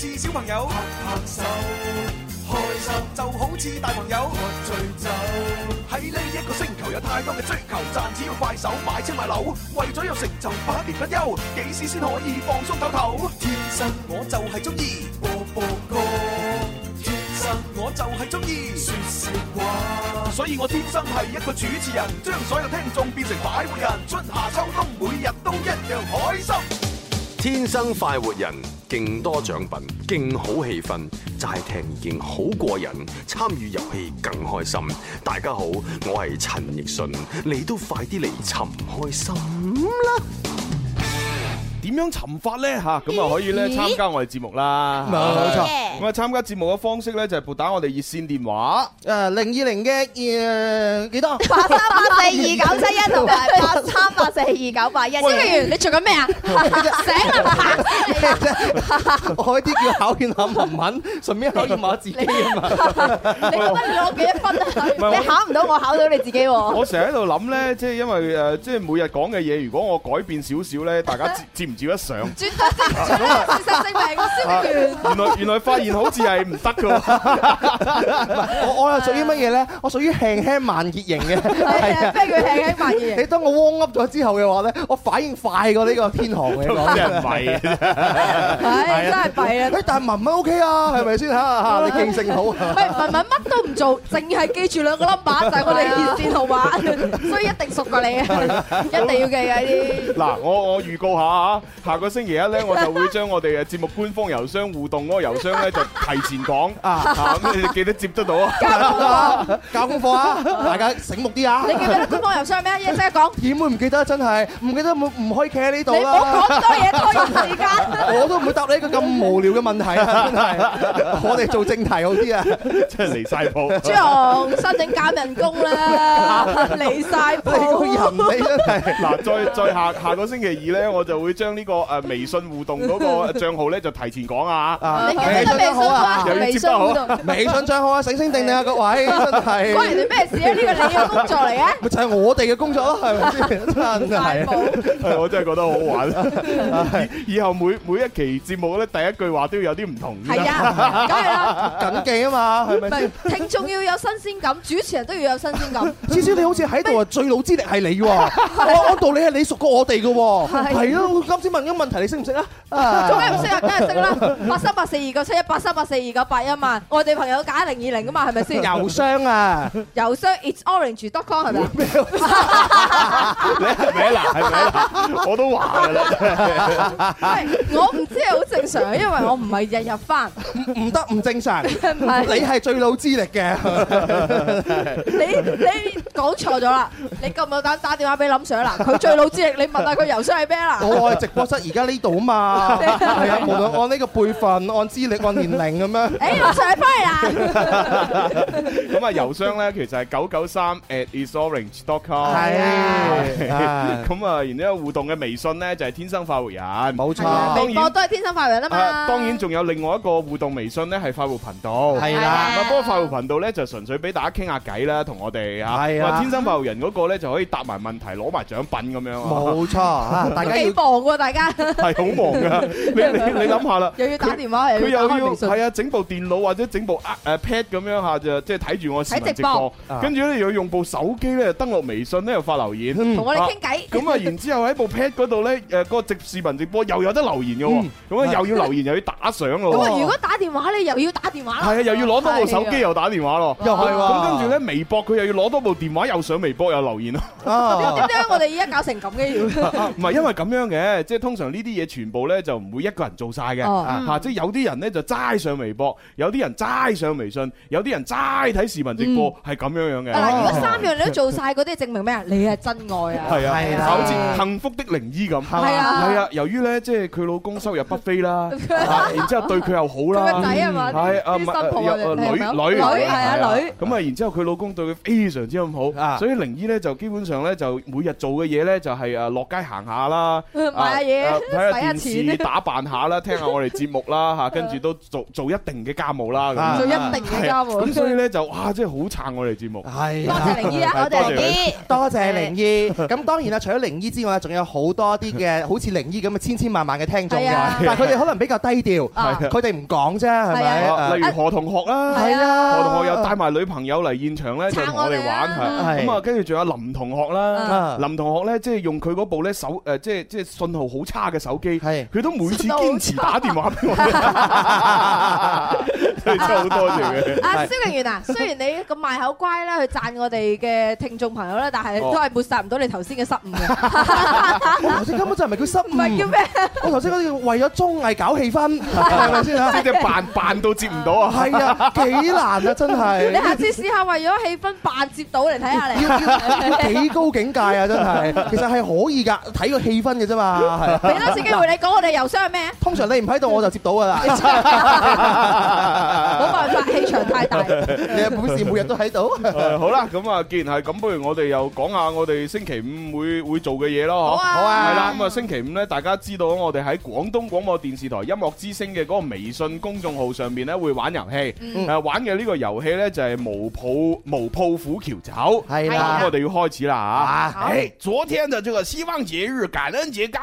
似小朋友拍拍手開心，就好似大朋友喝醉酒。喺呢一個星球有太多嘅追求，賺錢要快手買車買樓，為咗有成就百年不休，幾時先可以放鬆唞唞？天生我就係中意播播歌，天生我就係中意說笑話。所以我天生係一個主持人，將所有聽眾變成快活人。春夏秋冬，每日都一樣開心。天生快活人。勁多獎品，勁好氣氛，齋聽已經好過癮，參與遊戲更開心。大家好，我係陳奕迅，你都快啲嚟尋開心啦！點樣尋法咧吓，咁啊可以咧參加我哋節目啦，冇錯。咁啊參加節目嘅方式咧，就係撥打我哋熱線電話，誒零二零嘅二幾多？八三八四二九七一，同埋八三八四二九八一。做完你做緊咩啊？醒啦！我啲叫考驗下文文，順便考驗下自己啊嘛。你覺得要我幾多分啊？你考唔到我考到你自己喎。我成日喺度諗咧，即係因為誒，即係每日講嘅嘢，如果我改變少少咧，大家接接。唔照得上，事實證明我消極。原來原來發現好似係唔得嘅喎。我我又屬於乜嘢咧？我屬於輕輕慢熱型嘅，係啊。咩叫輕輕慢熱型？你當我 warm up 咗之後嘅話咧，我反應快過呢個天蠍嘅。都唔係，係真係弊啊！誒，但係文文 O K 啊，係咪先嚇？你記性好。喂，文文乜都唔做，淨係記住兩個冧把就係我哋熱線號碼，所以一定熟過你啊！一定要記嘅呢啲。嗱，我我預告下啊！下個星期一咧，我就會將我哋嘅節目官方郵箱互動嗰個郵箱咧，就提前講啊，咁你哋記得接得到啊？交功課，大家醒目啲啊！你記唔記得官方郵箱咩？依家講，點會唔記得？真係唔記得，唔唔可以企喺呢度啦！我講多嘢，多有時間，我都唔會答你一個咁無聊嘅問題啊！真係，我哋做正題好啲啊！真係離晒譜，朱紅申請減人工啦，離晒譜，人哋咧，嗱，再再下下個星期二咧，我就會將。呢個誒微信互動嗰個帳號咧，就提前講啊嚇！微信帳號啊，又要接觸啊！微信帳號啊，醒醒定定啊，各位！係關人哋咩事啊？呢個你嘅工作嚟嘅，咪就係我哋嘅工作咯，係咪先？真係係我真係覺得好好玩啊！以以後每每一期節目咧，第一句話都要有啲唔同。係啊，梗係啦，緊記啊嘛，係咪先？聽眾要有新鮮感，主持人都要有新鮮感。至少你好似喺度啊，最老之力係你喎。按按道理係你熟過我哋㗎，係咯。我知問啲問題你識唔識啊？做咩唔識啊，梗係識啦，八三八四二九七一八三八四二九八一萬，外地朋友加零二零啊嘛，係咪先？郵箱啊，郵箱 itsorange.com 係咪啊？你係咩男？係咩男？我都話㗎啦，我唔知係好正常，因為我唔係日日翻，唔得唔正常。你係最老資歷嘅，你你講錯咗啦！你夠唔夠膽打電話俾林 Sir 啦，佢最老資歷，你問下佢郵箱係咩啦？我係直。博士而家呢度啊嘛，係啊，無論按呢個輩份、按資歷、按年齡咁樣。誒，我上翻嚟啦。咁啊，郵箱咧其實係九九三 atisorange.com。係啊。咁啊，然之後互動嘅微信咧就係天生快活人。冇錯，當然都係天生快活人啦嘛。當然仲有另外一個互動微信咧係快活頻道。係啦。咁啊，不過快活頻道咧就純粹俾大家傾下偈啦，同我哋嚇。係啊。天生快活人嗰個咧就可以答埋問題，攞埋獎品咁樣。冇錯。大家幾忙喎？大家係好忙噶，你你你諗下啦，又要打電話，佢又要係啊，整部電腦或者整部誒 pad 咁樣下就即係睇住我視頻直播，跟住咧又要用部手機咧登陸微信咧又發留言，同我哋傾偈。咁啊，然之後喺部 pad 嗰度咧誒個直視頻直播又有得留言嘅喎，咁啊又要留言又要打相咯。咁啊，如果打電話咧又要打電話，係啊，又要攞多部手機又打電話咯，又係咁跟住咧，微博佢又要攞多部電話又上微博又留言咯。點解我哋而家搞成咁嘅樣？唔係因為咁樣嘅。即係通常呢啲嘢全部咧就唔會一個人做晒嘅嚇，即係有啲人咧就齋上微博，有啲人齋上微信，有啲人齋睇視頻直播係咁樣樣嘅。嗱，如果三樣你都做晒，嗰啲證明咩啊？你係真愛啊！係啊，好似幸福的靈醫咁。係啊，係啊，由於咧即係佢老公收入不菲啦，然之後對佢又好啦，仔啊嘛，係啊，女女女係啊女。咁啊，然之後佢老公對佢非常之咁好，所以靈醫咧就基本上咧就每日做嘅嘢咧就係誒落街行下啦。睇下電視打扮下啦，聽下我哋節目啦嚇，跟住都做做一定嘅家務啦，做一定嘅家務。咁所以咧就哇，真係好撐我哋節目。係，多謝靈醫啊！我哋多謝靈醫，多謝靈醫。咁當然啦，除咗靈醫之外，仲有好多啲嘅，好似靈醫咁嘅千千萬萬嘅聽眾。但佢哋可能比較低調，佢哋唔講啫，係咪？例如何同學啦，係啊，何同學又帶埋女朋友嚟現場咧，就同我哋玩。咁啊，跟住仲有林同學啦，林同學咧即係用佢嗰部咧手誒，即係即係信號。好差嘅手機，係佢都每次堅持打電話俾我。真係差好多謝嘅。阿蕭敬元啊，雖然你咁賣口乖啦，去讚我哋嘅聽眾朋友啦，但係都係抹殺唔到你頭先嘅失誤嘅。頭先根本就唔係叫失誤？唔係叫咩？我頭先嗰啲為咗綜藝搞氣氛，係咪先啊？你哋扮扮到接唔到啊？係啊，幾難啊！真係你下次試下為咗氣氛扮接到嚟睇下你，幾高境界啊！真係其實係可以㗎，睇個氣氛嘅啫嘛。俾多次機會你講，我哋郵箱係咩？通常你唔喺度我就接到㗎啦。冇辦法，氣場太大。你有本事每日都喺度？好啦，咁啊，既然係咁，不如我哋又講下我哋星期五會會做嘅嘢咯，嗬。好啊。係啦，咁啊，星期五咧，大家知道我哋喺廣東廣播電視台音樂之星嘅嗰個微信公眾號上面咧，會玩遊戲，誒，玩嘅呢個遊戲咧就係無鋪無鋪虎橋走。係啦，咁我哋要開始啦嚇。誒，昨天就這個希望節日感恩節剛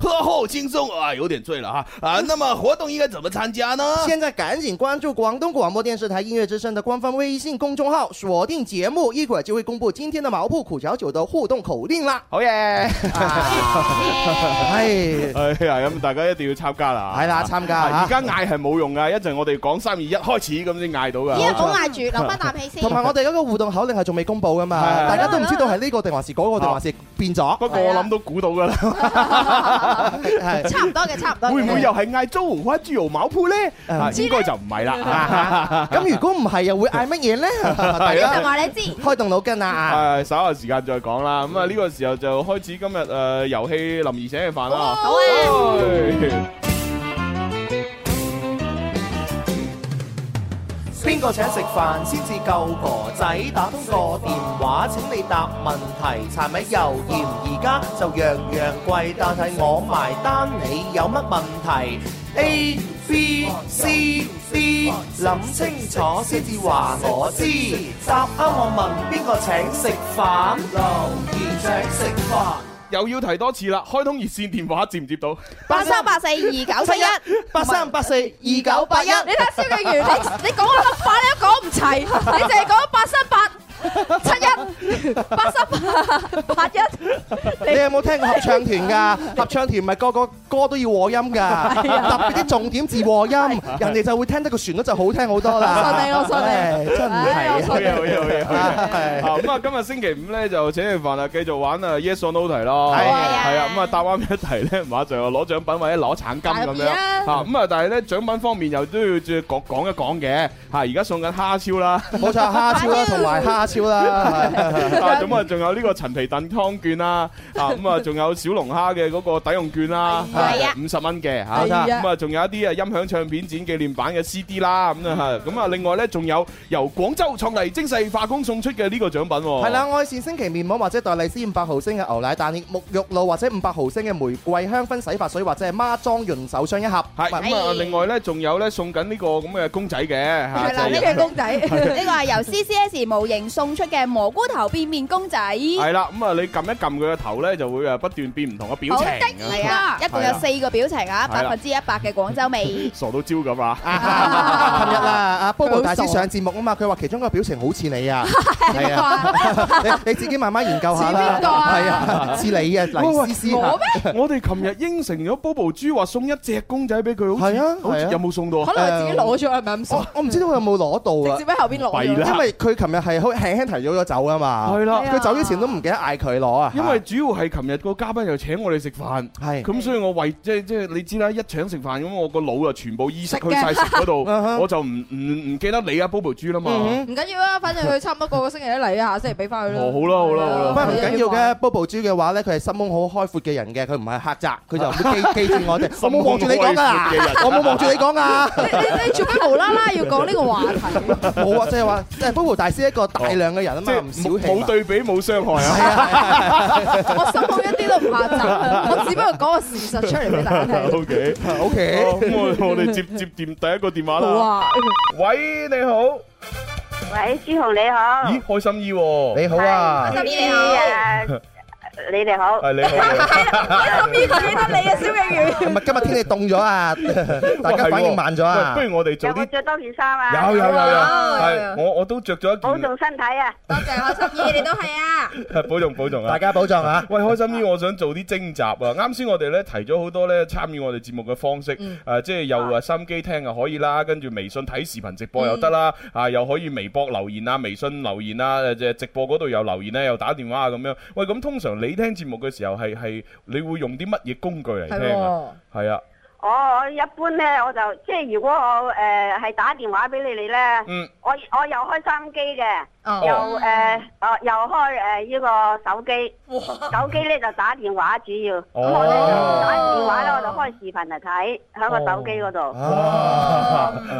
喝後輕鬆啊，有點醉了哈啊！那麼活動應該怎麼參加呢？現在趕緊關注廣東廣播電視台音樂之聲的官方微信公眾號，鎖定節目，一會兒就會公布今天的毛鋪苦蕎酒的互動口令啦！好耶！哎哎咁大家一定要參加啦！係啦，參加！而家嗌係冇用噶，一陣我哋講三二一開始咁先嗌到噶。依家唔好嗌住，留翻啖氣先。同埋我哋嗰個互動口令係仲未公布噶嘛？大家都唔知道係呢個定還是嗰個定還是變咗。不過我諗都估到噶啦。差唔多嘅，差唔多。會唔會又係嗌咗紅花豬肉冇鋪咧？應該就唔係啦。咁如果唔係又會嗌乜嘢咧？大家就話你知，開動腦筋啦。係稍下時間再講啦。咁啊呢個時候就開始今日誒，遊戲林二請嘅飯啦。好啊。邊個請食飯先至夠婆仔？打通個電話，請你答問題。柴米油鹽，而家就樣樣貴，但係我埋單。你有乜問題？A B C D，諗清楚先至話我知。答啱我問邊個請食飯？留言請食飯。又要提多次啦，開通熱線電話接唔接到？八三八四二九七一，八三八四二九八一。你睇下蕭敬如，你你講開七百，你都講唔齊，你淨係講八三八。七一八十八一，你有冇聽過合唱團噶？合唱團唔係個個歌都要和音噶，特別啲重點字和音，人哋就會聽得個旋律就好聽好多啦。信你，我信你，真係。好嘢，好嘢，好嘢。係咁啊，今日星期五咧就請完飯啦，繼續玩啊 Yes or No 題咯。係啊，係啊。咁啊答啱一題咧，馬上又攞獎品或者攞橙金咁樣。吓咁啊，但係咧獎品方面又都要再講一講嘅。吓，而家送緊蝦超啦，冇錯，蝦超啦，同埋蝦。超啦，咁啊，仲有呢個陳皮燉湯券啦，啊咁啊，仲有小龍蝦嘅嗰個抵用券啦，五十蚊嘅嚇，咁啊，仲有一啲啊音響唱片展紀念版嘅 CD 啦，咁啊，咁啊，另外咧，仲有由廣州創藝精細化工送出嘅呢個獎品，係啦，愛善星期面膜或者黛麗絲五百毫升嘅牛奶蛋液沐浴露或者五百毫升嘅玫瑰香薰洗髮水或者係孖裝潤手霜一盒，係，另外咧，仲有咧送緊呢個咁嘅公仔嘅，係啦，呢個公仔，呢個係由 CCS 模型送。送出嘅蘑菇頭變面公仔係啦，咁啊你撳一撳佢個頭咧，就會誒不斷變唔同嘅表情嚟噶，一共有四個表情啊，百分之一百嘅廣州味，傻到招咁啊！琴日啊，阿 Bobo 大師上節目啊嘛，佢話其中個表情好似你啊，係你你自己慢慢研究下啦，係啊，似你啊，黎思思，我咩？我哋琴日應承咗 Bobo 豬話送一隻公仔俾佢，係啊，有冇送到可能自己攞咗係咪我唔知道有冇攞到啊？直接喺後邊攞，因為佢琴日係輕輕提咗佢走啊嘛，係咯，佢走之前都唔記得嗌佢攞啊。因為主要係琴日個嘉賓又請我哋食飯，係咁，所以我為即即係你知啦，一請食飯咁，我個腦啊全部意識去曬食嗰度，我就唔唔唔記得你啊，Bobo 豬啦嘛。唔緊要啊，反正佢差唔多個個星期都嚟啊，下星期俾翻佢咯。哦，好啦好啦好啦，唔緊要嘅 Bobo 豬嘅話咧，佢係心胸好開闊嘅人嘅，佢唔係狹窄，佢就唔會記記住我哋。我冇望住你講啊！我冇望住你講啊！你你你做乜無啦啦要講呢個話題？冇啊，即係話即係 Bobo 大師一個大。你兩個人啊嘛，唔是小氣，冇對比冇傷害啊！我想講一啲都唔複雜， 我只不過講個事實出嚟俾大家聽。O K O K，咁我哋接接電第一個電話啦。啊、喂，你好，喂，朱紅你好，咦，開心姨、哦，你好啊，開心你好。 你哋好，係你。開心啲睇下你啊，小月月。啊、係唔係今日天、天氣凍咗啊， 大家反應慢咗啊。不如我哋着多件衫啊。有有有有。我我都着咗一件。保重身體啊！多謝開心啲，你都係啊。 保重保重啊！大家保重嚇、啊。喂，開心啲，我想做啲徵集啊。啱先我哋咧提咗好多咧參與我哋節目嘅方式，誒、嗯啊、即係又啊心機聽又可以啦，跟住微信睇視頻直播又得啦，嗯、啊又可以微博留言啊、微信留言啊、即係直播嗰度又留言咧、又打電話咁樣。喂，咁通常。你聽節目嘅時候係係你會用啲乜嘢工具嚟聽啊？係對、哦、是啊，我一般咧我就即係如果我誒係、呃、打電話俾你哋咧，呢嗯、我我又開收音機嘅。Oh. 又誒，哦、呃，又開誒呢個手機，Wow. 手機咧就打電話主要。咁我咧就打電話咧，我就開視頻嚟睇，喺個手機嗰度。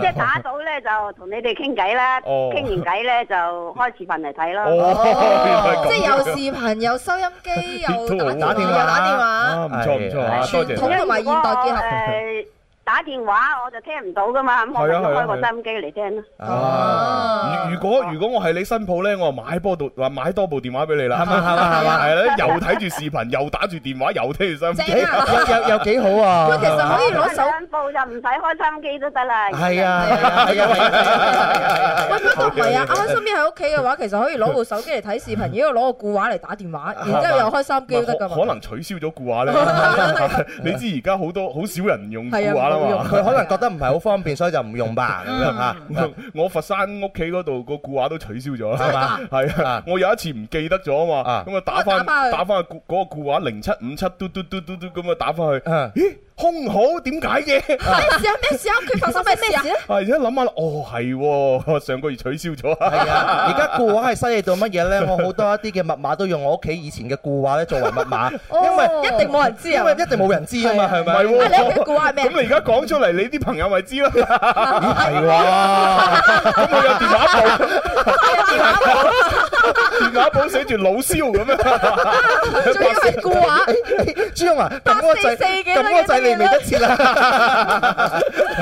即係打到咧就同你哋傾偈啦，傾完偈咧就開視頻嚟睇咯。即係有視頻，有收音機，又打電話， 打電話。唔錯唔錯，傳統同埋現代結合。打電話我就聽唔到噶嘛，咁開開個收音機嚟聽咯。啊，如果如果我係你新抱咧，我就買波度，話買多部電話俾你啦，係咪？係咪？係咪？係啦，又睇住視頻，又打住電話，又聽住收音機，又又幾好啊！咁其實可以攞手部就唔使開收音機都得啦。係啊，係啊，係啊！喂，都唔係啊，啱身邊喺屋企嘅話，其實可以攞部手機嚟睇視頻，如果攞個固話嚟打電話，然之後又開收音機都得噶嘛？可可能取消咗固話咧？你知而家好多好少人用固話。佢 可能覺得唔係好方便， 所以就唔用吧嚇。我佛山屋企嗰度個固話都取消咗啦，係 啊。的 我有一次唔記得咗啊嘛，咁啊打翻打翻個固固話零七五七嘟嘟嘟嘟嘟咁啊打翻去，咦？ 空好點解嘅？咩事啊？咩事啊？佢發生咩咩事啊？而家諗下啦，哦係，哦上個月取消咗。係 啊，而家固話係犀利到乜嘢咧？我好多一啲嘅密碼都用我屋企以前嘅固話咧作為密碼，啊、因為一定冇人知啊，因為一定冇人知啊嘛，係咪？唔係你嘅固話咩？咁你而家講出嚟，你啲朋友咪知咯？係 哇，咁我、啊嗯、有電話簿， 電話簿寫住老蕭咁樣，仲 要係固話。朱生啊，撳、哎、嗰個掣，掣。你未得切啦，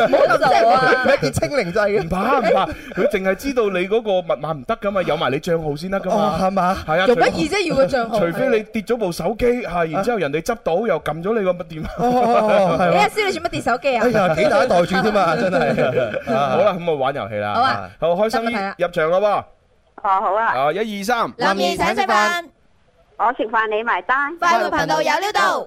冇錯就冇啊。咩叫清零制嘅？唔怕唔怕，佢淨係知道你嗰個密碼唔得噶嘛，有埋你賬號先得噶嘛，係嘛？係啊，做乜嘢啫，要個賬號。除非你跌咗部手機吓，然之後人哋執到又撳咗你個乜電話？阿詩，你做乜跌手機啊？哎呀，幾大袋住啫嘛，真係。好啦，咁我玩遊戲啦。好啊，好開心啦，入場咯噃。哦，好啊。啊，一二三，林儀請食飯，我食飯你埋單。快活頻道有料到。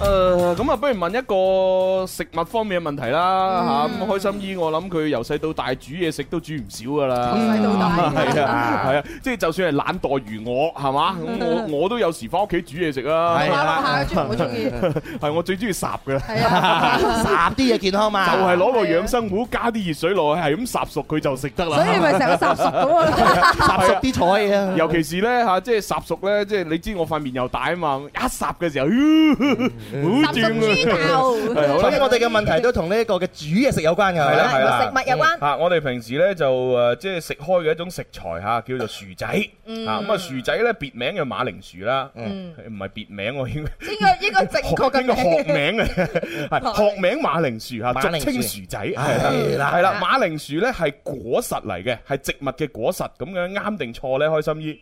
誒，咁啊，不如問一個食物方面嘅問題啦，吓咁開心姨，我諗佢由細到大煮嘢食都煮唔少噶啦，由細到大係啊，係啊，即係就算係懶惰如我，係嘛，我我都有時翻屋企煮嘢食啊，係啊，係啊，意，係我最中意烚嘅，係烚啲嘢健康嘛，就係攞個養生壺加啲熱水落去，係咁烚熟佢就食得啦，所以咪成日烚熟咁啊，烚熟啲菜啊，尤其是咧吓，即係烚熟咧，即係你知我塊面又大啊嘛，一烚嘅時候。好掂啊！所以我哋嘅問題都同呢一個嘅煮嘢食有關㗎，同食物有關。啊，我哋平時咧就誒，即係食開嘅一種食材嚇，叫做薯仔。啊，咁啊薯仔咧別名叫馬鈴薯啦，唔係別名喎，應應該應該正確嘅學名啊，係學名馬鈴薯啊，俗稱薯仔係啦，係啦，馬鈴薯咧係果實嚟嘅，係植物嘅果實咁樣，啱定錯咧？開心醫。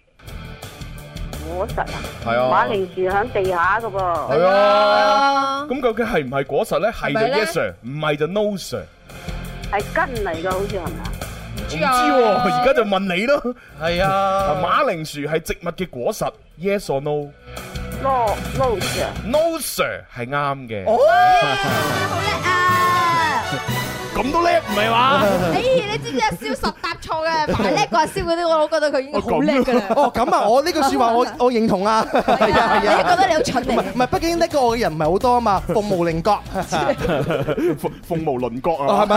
果實啊，馬鈴薯喺地下噶噃，係啊，咁究竟係唔係果實咧？係就 yes sir，唔係就 no sir，係根嚟噶，好似係咪啊？唔知唔知喎，而家就問你咯，係啊，馬鈴薯係植物嘅果實，yes or no？No sir，No sir 係啱嘅。哦，真係好叻啊！咁都叻唔係話？哎，你知唔知阿蕭十答錯嘅，埋叻過阿蕭嗰啲，我覺得佢應該好叻㗎啦。哦咁啊，我呢句説話我我認同啊。係啊係啊，我覺得你好蠢嚟。唔係，畢竟叻過我嘅人唔係好多啊嘛，鳳毛麟角，鳳鳳毛麟角啊，係咪？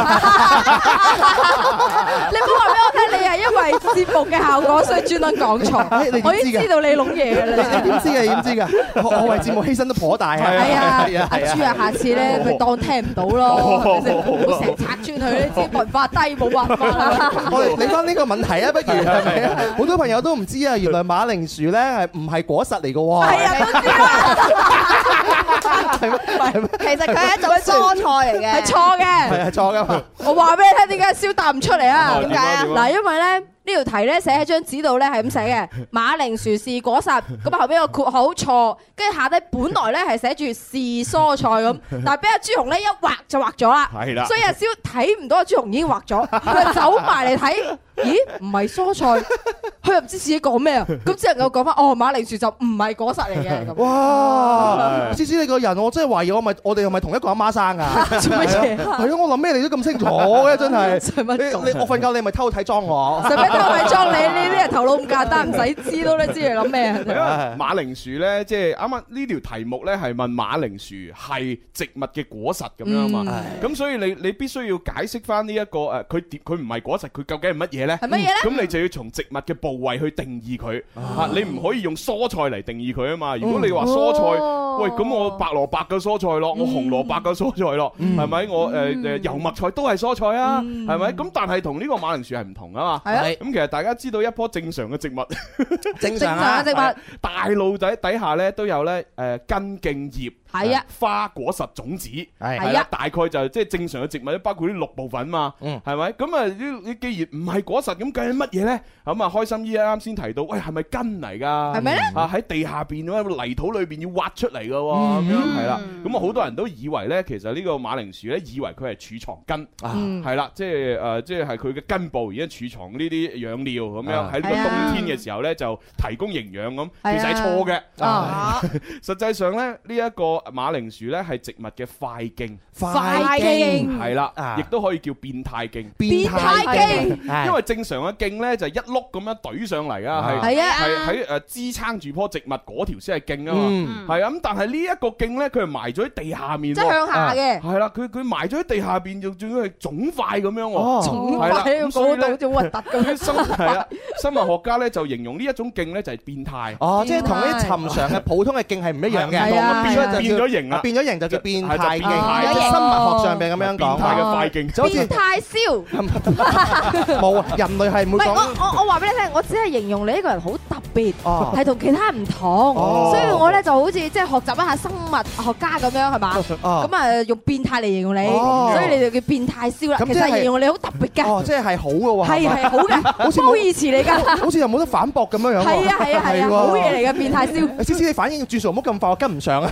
你唔好話俾我聽，你係因為節目嘅效果，所以專登講錯。我已經知道你聾嘢㗎啦。你點知㗎？點知㗎？我為節目犧牲都頗大。係啊，阿朱啊，下次咧咪當聽唔到咯。轉佢，你知文化低冇文化。我哋理翻呢個問題啊，不如好多朋友都唔知啊，原來馬鈴薯咧係唔係果實嚟噶喎？係啊，係咩？其實佢係一種蔬菜嚟嘅，係錯嘅，係啊，錯噶嘛。我話俾你聽，點解燒答唔出嚟啊？點解啊？嗱，因為咧。這呢條題咧寫喺張紙度咧係咁寫嘅，馬鈴薯是果實，咁後邊個括號錯，跟住下底本來咧係寫住是蔬菜咁，但係俾阿朱紅咧一劃就劃咗啦，係啦，所以阿蕭睇唔到阿朱紅已經劃咗，佢走埋嚟睇， 咦？唔係蔬菜，佢又唔知自己講咩啊？咁只能夠講翻哦，馬鈴薯就唔係果實嚟嘅咁。哇！思思你個人我真係懷疑我咪我哋又咪同一個阿媽生啊？ 做乜嘢麼？係啊，我諗咩你都咁清楚嘅真係 的。你我瞓覺你咪偷睇裝我。 裝你呢啲人頭腦咁簡單，唔使知都你知你諗咩啊？馬鈴薯咧，即係啱啱呢條題目咧係問馬鈴薯係植物嘅果實咁樣啊嘛。咁、嗯、所以你你必須要解釋翻呢一個誒，佢佢唔係果實，佢究竟係乜嘢咧？係乜嘢咧？咁、嗯、你就要從植物嘅部位去定義佢啊！嗯、你唔可以用蔬菜嚟定義佢啊嘛。如果你話蔬菜，喂咁我白蘿蔔嘅蔬菜咯，我紅蘿蔔嘅蔬菜咯，係咪、嗯？我誒誒、嗯、油麥菜都係蔬菜啊，係咪、嗯？咁但係同呢個馬鈴薯係唔同啊嘛。係、啊。咁其實大家知道一棵正常嘅植物，正常啊植物，大路仔底下咧都有咧誒根莖葉。係啊，花果實種子，係啊，大概就即係正常嘅植物，包括呢六部分嘛，係咪？咁啊，呢你既然唔係果實，咁究竟乜嘢咧？咁啊，開心姨啱先提到，喂，係咪根嚟噶？係咪咧？啊，喺地下邊咁泥土裏邊要挖出嚟噶，係啦。咁啊，好多人都以為咧，其實呢個馬鈴薯咧，以為佢係儲藏根，係啦，即係誒，即係係佢嘅根部而家儲藏呢啲養料，咁樣喺呢個冬天嘅時候咧，就提供營養咁，其實係錯嘅。實際上咧，呢一個。馬鈴薯咧係植物嘅塊莖，塊莖係啦，亦都可以叫變態莖，變態莖，因為正常嘅莖咧就一碌咁樣懟上嚟啊，係係喺誒支撐住棵植物嗰條先係莖啊嘛，係咁，但係呢一個莖咧，佢埋咗喺地下面，即向下嘅，係啦，佢佢埋咗喺地下面，仲要係腫塊咁樣，腫塊咁高嗰好似核突咁啊！生物學家咧就形容呢一種莖咧就係變態，哦，即係同啲尋常嘅普通嘅莖係唔一樣嘅，變咗型啊！變咗型就叫變態，變態生物學上面咁樣講？變態嘅快勁，變態燒冇啊！人類係冇。我我我話俾你聽，我只係形容你一個人好特別，係同其他人唔同，所以我咧就好似即係學習一下生物學家咁樣係嘛？咁啊用變態嚟形容你，所以你就叫變態燒啦。其實形容你好特別㗎。即係係好嘅話。係好嘅，好似褒義詞嚟㗎。好似又冇得反駁咁樣樣。係啊係啊係啊，好嘢嚟嘅變態燒。詩詩，你反應轉數唔好咁快，跟唔上啊！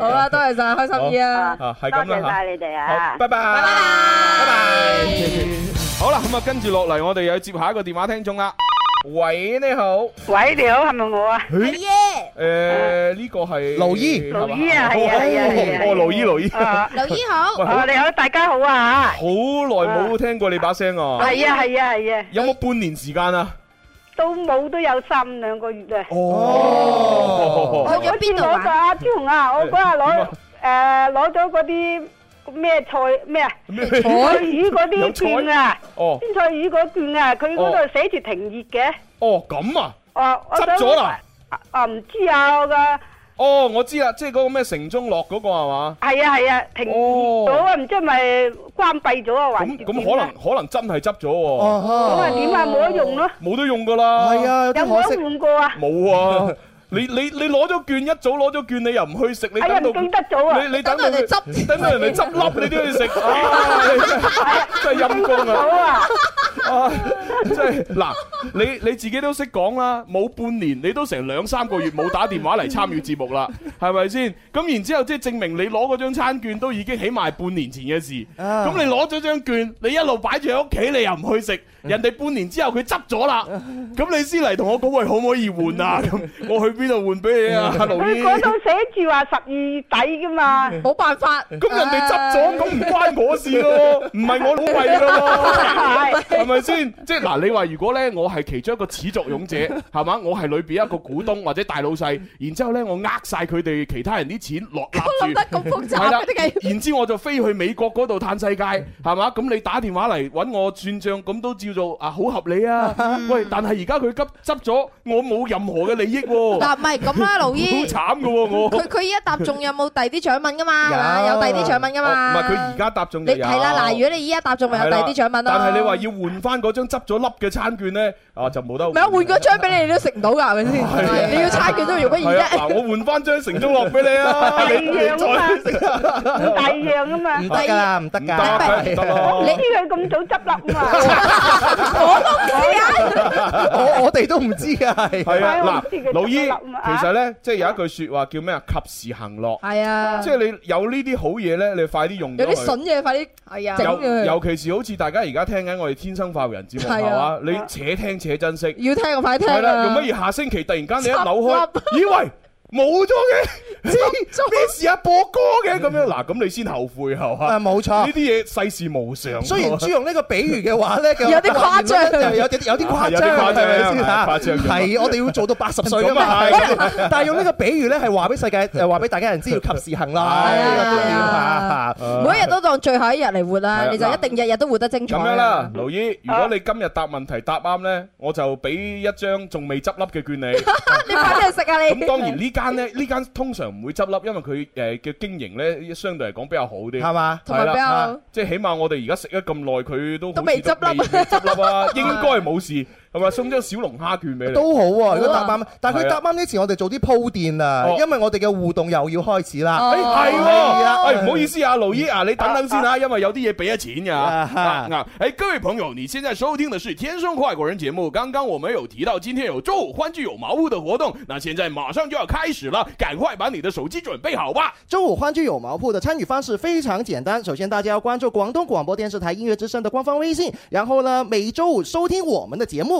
好啦，多謝晒，開心啲啊！啊，係咁啦吓，多謝你哋啊，拜拜，拜拜，拜拜。好啦，咁啊，跟住落嚟，我哋又接下一個電話聽眾啦。喂，你好。喂，你好，係咪我啊？羅姨。誒，呢個係羅姨。羅姨啊，係啊，係啊，哦，羅姨，羅姨。羅姨好。你好，大家好啊。好耐冇聽過你把聲啊。係啊，係啊，係啊。有冇半年時間啊？都冇都有三兩個月啦。哦，去咗邊度玩？我嗰日攞誒攞咗嗰啲咩菜咩啊？菜魚嗰啲券啊，酸菜，菜魚嗰券啊，佢嗰度寫住停業嘅。哦，咁、哦、啊，啊我執咗啦、啊。啊唔知啊我個。哦，oh, 我知啦，即係嗰個咩城中落嗰、嗰個係嘛？係啊係啊，停咗啊，唔、oh. 知係咪關閉咗啊？還咁咁可能可能真係執咗喎。咁啊點啊，冇得用咯。冇得用㗎啦。係、uh huh. 啊，啊，有冇得換過啊？冇啊。 你你你攞咗券，一早攞咗券，你又唔去食，你等到，哎得早啊，你你等到人哋執，等到人哋執笠，你都要去食，真係陰功啊！即係嗱，你你自己都識講啦，冇半年，你都成兩三個月冇打電話嚟參與節目啦，係咪先？咁然之後即係證明你攞嗰張餐券都已經起碼半年前嘅事，咁 你攞咗張券，你一路擺住喺屋企，你又唔去食。人哋半年之後佢執咗啦，咁 你先嚟同我講，我可唔可以換啊？咁我去邊度換俾你啊？佢嗰度寫住話十二月底噶嘛，冇 辦法。咁人哋執咗，咁唔關我事咯，唔係我好貴咯，係咪先？ 即係嗱，你話如果咧，我係其中一個始作俑者，係嘛？我係裏邊一個股東或者大老細，然之後咧，我呃晒佢哋其他人啲錢落立住，係啦，的 然之後我就飛去美國嗰度嘆世界，係嘛？咁你打電話嚟搵我算賬，咁都照。叫做啊好合理啊，喂！但係而家佢急執咗，我冇任何嘅利益喎。嗱，唔係咁啦，盧姨，好慘嘅喎，我佢佢依家答中仲有冇第二啲獎品噶嘛？有，有第二啲獎品噶嘛？唔係佢而家答中你係啦。嗱，如果你依家答中仲有第二啲獎品啊，但係你話要換翻嗰張執咗粒嘅餐券咧，啊就冇得。唔係啊，換嗰張俾你，你都食唔到噶，係咪先？你要餐券都用乜嘢啫？嗱，我換翻張成中樂俾你啊！第二樣啊嘛，第二樣啊嘛，唔得㗎啦，唔得㗎，呢個咁早執粒啊嘛。我都唔知啊！我我哋都唔知啊。係。係啊，嗱，老姨，其實咧，即係有一句說話叫咩啊？及時行樂。係啊，即係你有呢啲好嘢咧，你快啲用。有啲筍嘢快啲係啊，尤其是好似大家而家聽緊我哋天生快活人節目，係嘛？你且聽且珍惜。要聽就快啲聽啦。用乜嘢？下星期突然間你一扭開，咦喂。冇咗嘅，咩事啊？播歌嘅咁樣，嗱咁你先後悔後吓？冇錯，呢啲嘢世事無常。雖然朱用呢個比喻嘅話咧，有啲誇張，有啲有啲誇張，誇張係，我哋要做到八十歲嘛。但係用呢個比喻咧，係話俾世界，話俾大家人知要及時行樂。每一日都當最後一日嚟活啦，你就一定日日都活得精彩。咁樣啦，盧姨，如果你今日答問題答啱咧，我就俾一張仲未執笠嘅券你。你快啲去食啊你！咁當然呢。間咧，呢間通常唔會執笠，因為佢誒嘅經營咧，相對嚟講比較好啲，係嘛吧？同埋了比較、啊、即係起碼我哋而家食咗咁耐，佢都都未執笠執笠啊，應該冇事。 係咪？是不是送張小龍蝦券俾你都好喎、啊。如果搭翻，哇但係佢搭翻呢次，我哋做啲鋪墊啊，因為我哋嘅互動又要開始啦。係啊，唔、哎、好意思啊，盧姨啊，你等等先啊，啊因為有啲嘢俾咗錢嘅、啊啊啊。啊，誒、哎，各位朋友，你現在收聽的是《天生快活人》節目。剛剛我們有提到，今天有周五歡聚有毛鋪的活動，那現在馬上就要開始了，趕快把你的手機準備好吧。周五歡聚有毛鋪的參與方式非常簡單，首先大家要關注廣東廣播電視台音樂之聲的官方微信，然後呢，每周五收聽我們的節目。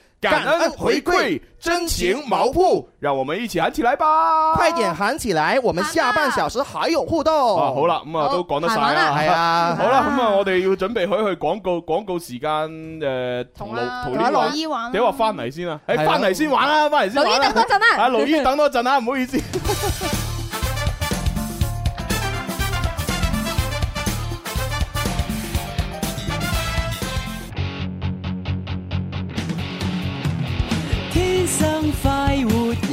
感恩回饋真情毛鋪，讓我們一起喊起來吧！快點喊起來，我們下半小時還有互動。啊，好啦，咁啊都講得晒啦，係啊。好啦，咁啊，我哋要準備去去廣告，廣告時間誒，同老姨玩，你話翻嚟先啊？誒，翻嚟先玩啦，翻嚟先老姨等多陣啊，阿老姨等多陣啊，唔好意思。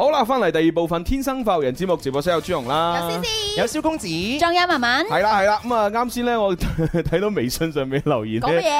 好啦，翻嚟第二部分《天生快活人》節目，直播室有朱紅啦，有蕭公子，莊欣文文。係啦係啦，咁啊啱先咧，我睇到微信上面留言咧，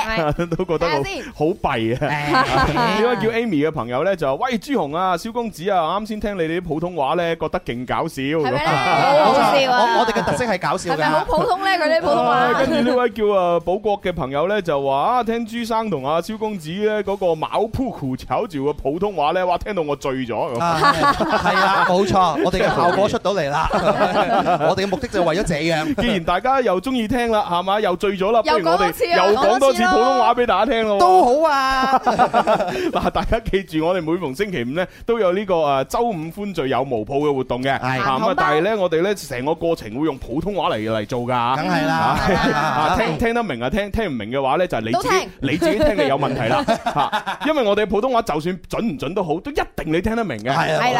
都覺得好好弊啊！呢位叫 Amy 嘅朋友咧就話：喂朱紅啊，蕭公子啊，啱先聽你哋啲普通話咧，覺得勁搞笑，我我哋嘅特色係搞笑㗎。係咪好普通咧？佢啲普通話。跟住呢位叫啊寶國嘅朋友咧就話：啊，聽朱生同阿蕭公子咧嗰個冇鋪唞住嘅普通話咧，哇，聽到我醉咗咁。係啦，冇錯，我哋嘅效果出到嚟啦。我哋嘅目的就為咗這樣。既然大家又中意聽啦，係嘛，又醉咗啦，不如我哋又講多次普通話俾大家聽咯。都好啊！嗱，大家記住，我哋每逢星期五咧都有呢個周五歡聚有毛抱嘅活動嘅。係咁啊！但係咧，我哋咧成個過程會用普通話嚟嚟做噶。梗係啦，聽聽得明啊？聽聽唔明嘅話咧，就係你自己你自己聽力有問題啦。吓，因為我哋普通話就算準唔準都好，都一定你聽得明嘅。係啊。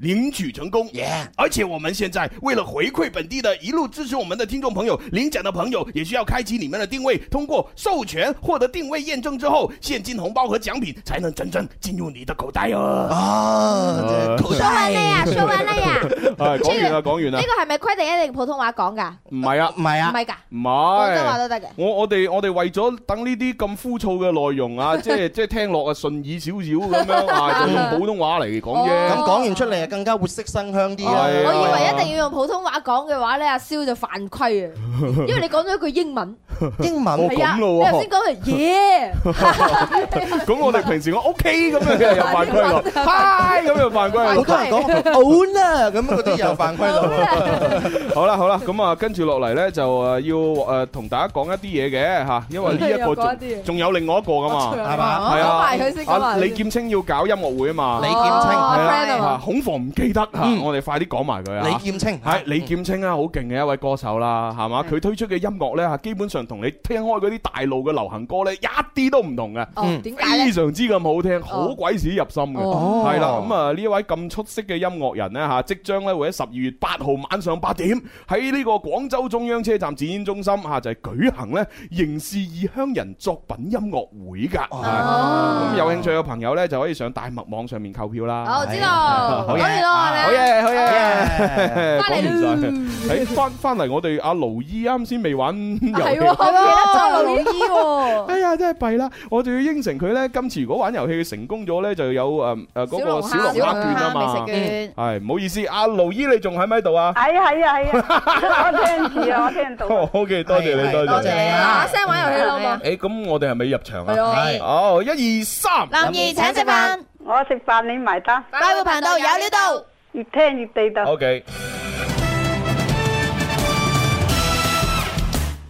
領取成功，而且我們現在為了回饋本地的一路支持我們的聽眾朋友，領獎的朋友也需要開啟你們的定位，通過授權獲得定位驗證之後，現金紅包和獎品才能真正進入你的口袋哦。啊，說完了呀，說完了呀，講完啦，講完啦。呢個係咪規定一定普通話講噶？唔係啊，唔係啊，唔係噶，唔係，普通話都得嘅。我我哋我哋為咗等呢啲咁枯燥嘅內容啊，即係即係聽落啊順耳少少咁樣，就用普通話嚟講啫。咁講完出嚟更加活色生香啲啊！我以為一定要用普通話講嘅話咧，阿蕭就犯規啊，因為你講咗一句英文，英文係啊，你頭先講嘅嘢。咁我哋平時講 OK 咁樣嘅又犯規啦，Hi 咁又犯規啦，好多人講 Owner 咁嗰啲又犯規啦。好啦好啦，咁啊跟住落嚟咧就誒要誒同大家講一啲嘢嘅嚇，因為呢一個仲仲有另外一個噶嘛，係嘛係啊，李劍青要搞音樂會啊嘛，李劍青啊，孔鳳。我唔記得我哋快啲講埋佢啊！李劍青，係李劍青啊，好勁嘅一位歌手啦，係嘛？佢推出嘅音樂呢，基本上同你聽開嗰啲大陸嘅流行歌呢，一啲都唔同嘅，點解非常之咁好聽，好鬼死入心嘅，係啦。咁啊，呢一位咁出色嘅音樂人呢，即將呢會喺十二月八號晚上八點喺呢個廣州中央車站展演中心就係舉行呢《仍是異鄉人》作品音樂會㗎。咁有興趣嘅朋友呢，就可以上大麥網上面購票啦。我知道，可以咯，好嘅，好嘅，翻嚟再。喺翻翻嚟，我哋阿勞伊啱先未玩遊戲，係喎，阿勞伊，哎呀，真係弊啦！我仲要應承佢咧，今次如果玩遊戲成功咗咧，就有誒誒嗰個小龍蝦券啊嘛，係，唔好意思，阿勞伊你仲喺唔喺度啊？喺啊，喺啊，喺啊，我聽住啊，我聽到。OK，多謝你，多謝你，打聲玩遊戲，老婆。誒，咁我哋係咪要入場啊？係，哦，一二三，林兒請食飯。我食飯你埋單。快活頻道有料到，越聽越地道。OK，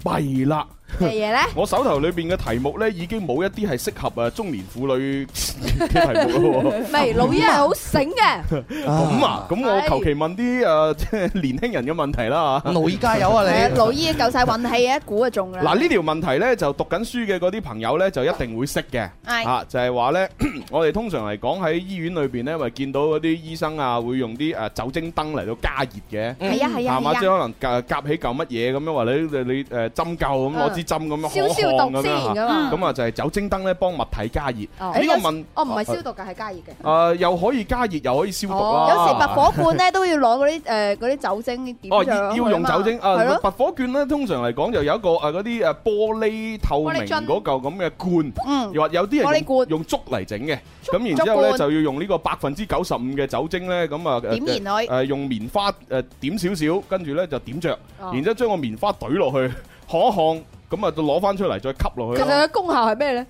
弊啦。咩嘢咧？我手頭裏邊嘅題目咧，已經冇一啲係適合啊中年婦女嘅題目。唔係，老依係好醒嘅。咁啊，咁我求其問啲啊即係年輕人嘅問題啦吓。老依加油啊你！老依夠晒運氣啊，估啊中啦。嗱呢條問題咧就讀緊書嘅嗰啲朋友咧就一定會識嘅。係啊，就係話咧，我哋通常嚟講喺醫院裏邊咧，咪見到嗰啲醫生啊會用啲誒酒精燈嚟到加熱嘅。係啊係啊。係嘛，即係可能夾夾起嚿乜嘢咁樣，或者你你誒針灸咁攞支。浸咁樣，消消毒先。咁啊就係酒精燈咧，幫物體加熱。呢個問，哦唔係消毒嘅，係加熱嘅。誒又可以加熱，又可以消毒啊！有時拔火罐咧都要攞嗰啲誒啲酒精，點要用酒精？咯，拔火罐咧通常嚟講就有一個誒嗰啲誒玻璃透明嗰嚿咁嘅罐，又或有啲人用竹嚟整嘅，咁然之後咧就要用呢個百分之九十五嘅酒精咧，咁啊點燃用棉花誒點少少，跟住咧就點着，然之後將個棉花懟落去，可汗。咁啊，就攞翻出嚟，再吸落去。其實嘅功效係咩咧？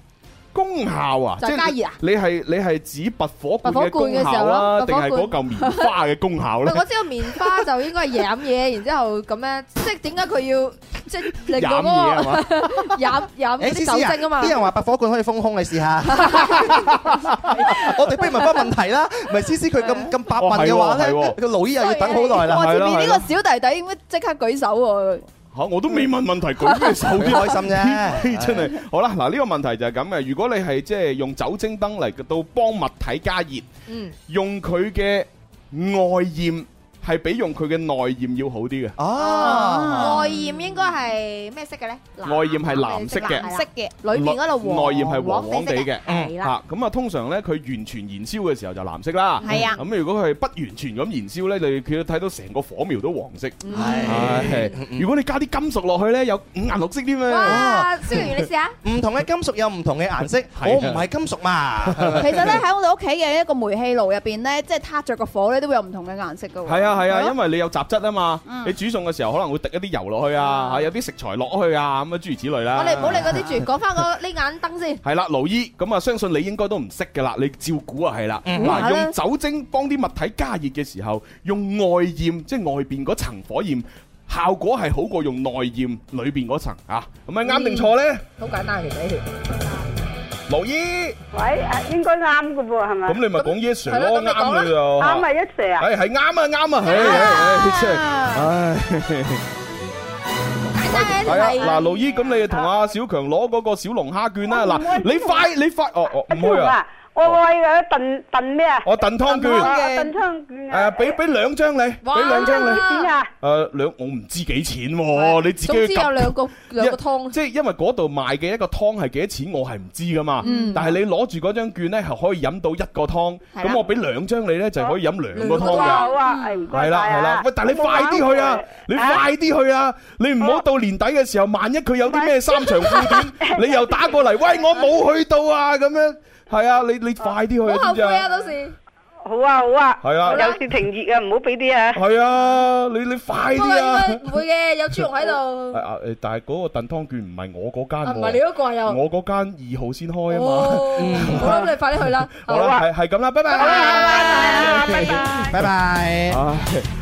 功效啊，就係加熱啊！你係你係指拔火罐嘅時候啦，定係嗰嚿棉花嘅功效咧？唔係，我知道棉花就應該係飲嘢，然之後咁樣，即係點解佢要即係飲嘢係嘛？飲飲啲酒精啊嘛！啲人話拔火罐可以豐胸，你試下。我哋不如問翻問題啦，唔係思思佢咁咁白問嘅話咧，個老醫又要等好耐啦。哇！前面呢個小弟弟，應該即刻舉手喎？嚇！我都未問問題，佢都係收啲開心啫，真係。好啦，嗱、這、呢個問題就係咁嘅。如果你係即係用酒精燈嚟到幫物體加熱，嗯、用佢嘅外焰。係比用佢嘅內焰要好啲嘅。哦，內焰應該係咩色嘅咧？內焰係藍色嘅，色嘅。裏邊嗰度黃。內焰係黃黃地嘅。啦。咁啊，通常咧佢完全燃燒嘅時候就藍色啦。係啊。咁如果係不完全咁燃燒咧，你佢睇到成個火苗都黃色。係。如果你加啲金屬落去咧，有五顏六色啲咩？哇！肖你試下。唔同嘅金屬有唔同嘅顏色。我唔係金屬嘛。其實咧喺我哋屋企嘅一個煤氣爐入邊咧，即係撻着個火咧，都會有唔同嘅顏色噶。係啊。係啊，因為你有雜質啊嘛，你煮餸嘅時候可能會滴一啲油落去啊，係有啲食材落去啊，咁啊諸如此類啦。我哋唔好理嗰啲住，講翻個呢眼燈先。係啦，盧依，咁啊，相信你應該都唔識噶啦，你照顧啊係啦，嗱，用酒精幫啲物體加熱嘅時候，用外焰，即係外邊嗰層火焰，效果係好過用內焰裏邊嗰層啊，係咪啱定錯咧？好簡單嚟睇。羅伊，喂，應該啱噶噃，係咪？咁你咪講 yes 咯，啱嘅就，啱係 yes 啊，係係啱啊啱啊，係係係，啲車，唉，係啊，嗱，羅伊，咁你同阿小強攞嗰個小龍蝦券啦，嗱，你快你快，哦哦，唔該。我喂，誒，燉燉咩啊？我燉湯券，燉湯券。誒，俾俾兩張你，俾兩張你。點啊？誒，兩我唔知幾錢喎，你自己。總之有兩個兩個湯。即係因為嗰度賣嘅一個湯係幾多錢，我係唔知噶嘛。嗯。但係你攞住嗰張券咧，係可以飲到一個湯。係。咁我俾兩張你咧，就可以飲兩個湯嘅。好啊，好啊，係唔該晒啊。冇錯。係啦係啦，喂，但係你快啲去啊！你快啲去啊！你唔好到年底嘅時候，萬一佢有啲咩三長五短，你又打過嚟，喂，我冇去到啊，咁樣。係啊，你你快啲去啊！好後悔啊，到時。好啊好啊，係啊，有啲停業嘅，唔好俾啲啊。係啊，你你快啲啊！唔會嘅，有豬肉喺度。係啊，誒，但係嗰個燉湯券唔係我嗰間。唔係你嗰個又。我嗰間二號先開啊嘛。嗯。咁你快啲去啦。好啦，係係咁啦，拜拜。拜拜拜拜拜拜拜拜。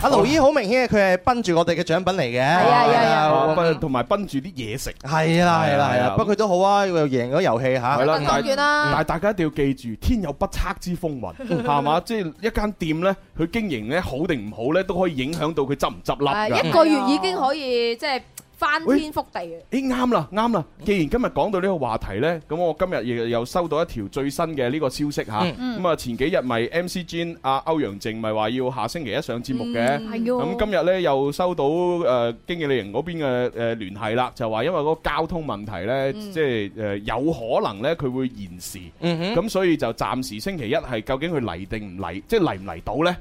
阿盧姨好明顯，佢係奔住我哋嘅獎品嚟嘅。係啊係啊。奔同埋奔住啲嘢食。係啦係啦係啦，不過佢都好啊，又贏咗遊戲吓。係啦，燉湯券啦。但係大家一定要記住，天有不測之風雲，係嘛？即係一間店咧，佢經營咧好定唔好咧，都可以影響到佢執唔執笠。一個月已經可以， 即係。翻天覆地嘅，誒啱啦，啱啦。既然今日講到呢個話題咧，咁我今日亦又收到一條最新嘅呢個消息嚇。咁啊，前幾日咪 MC Jin 阿歐陽靖咪話要下星期一上節目嘅，咁今日咧又收到誒經紀理人嗰邊嘅誒聯繫啦，就話因為嗰個交通問題咧，即係誒有可能咧佢會延時，咁所以就暫時星期一係究竟佢嚟定唔嚟，即係嚟唔嚟到咧？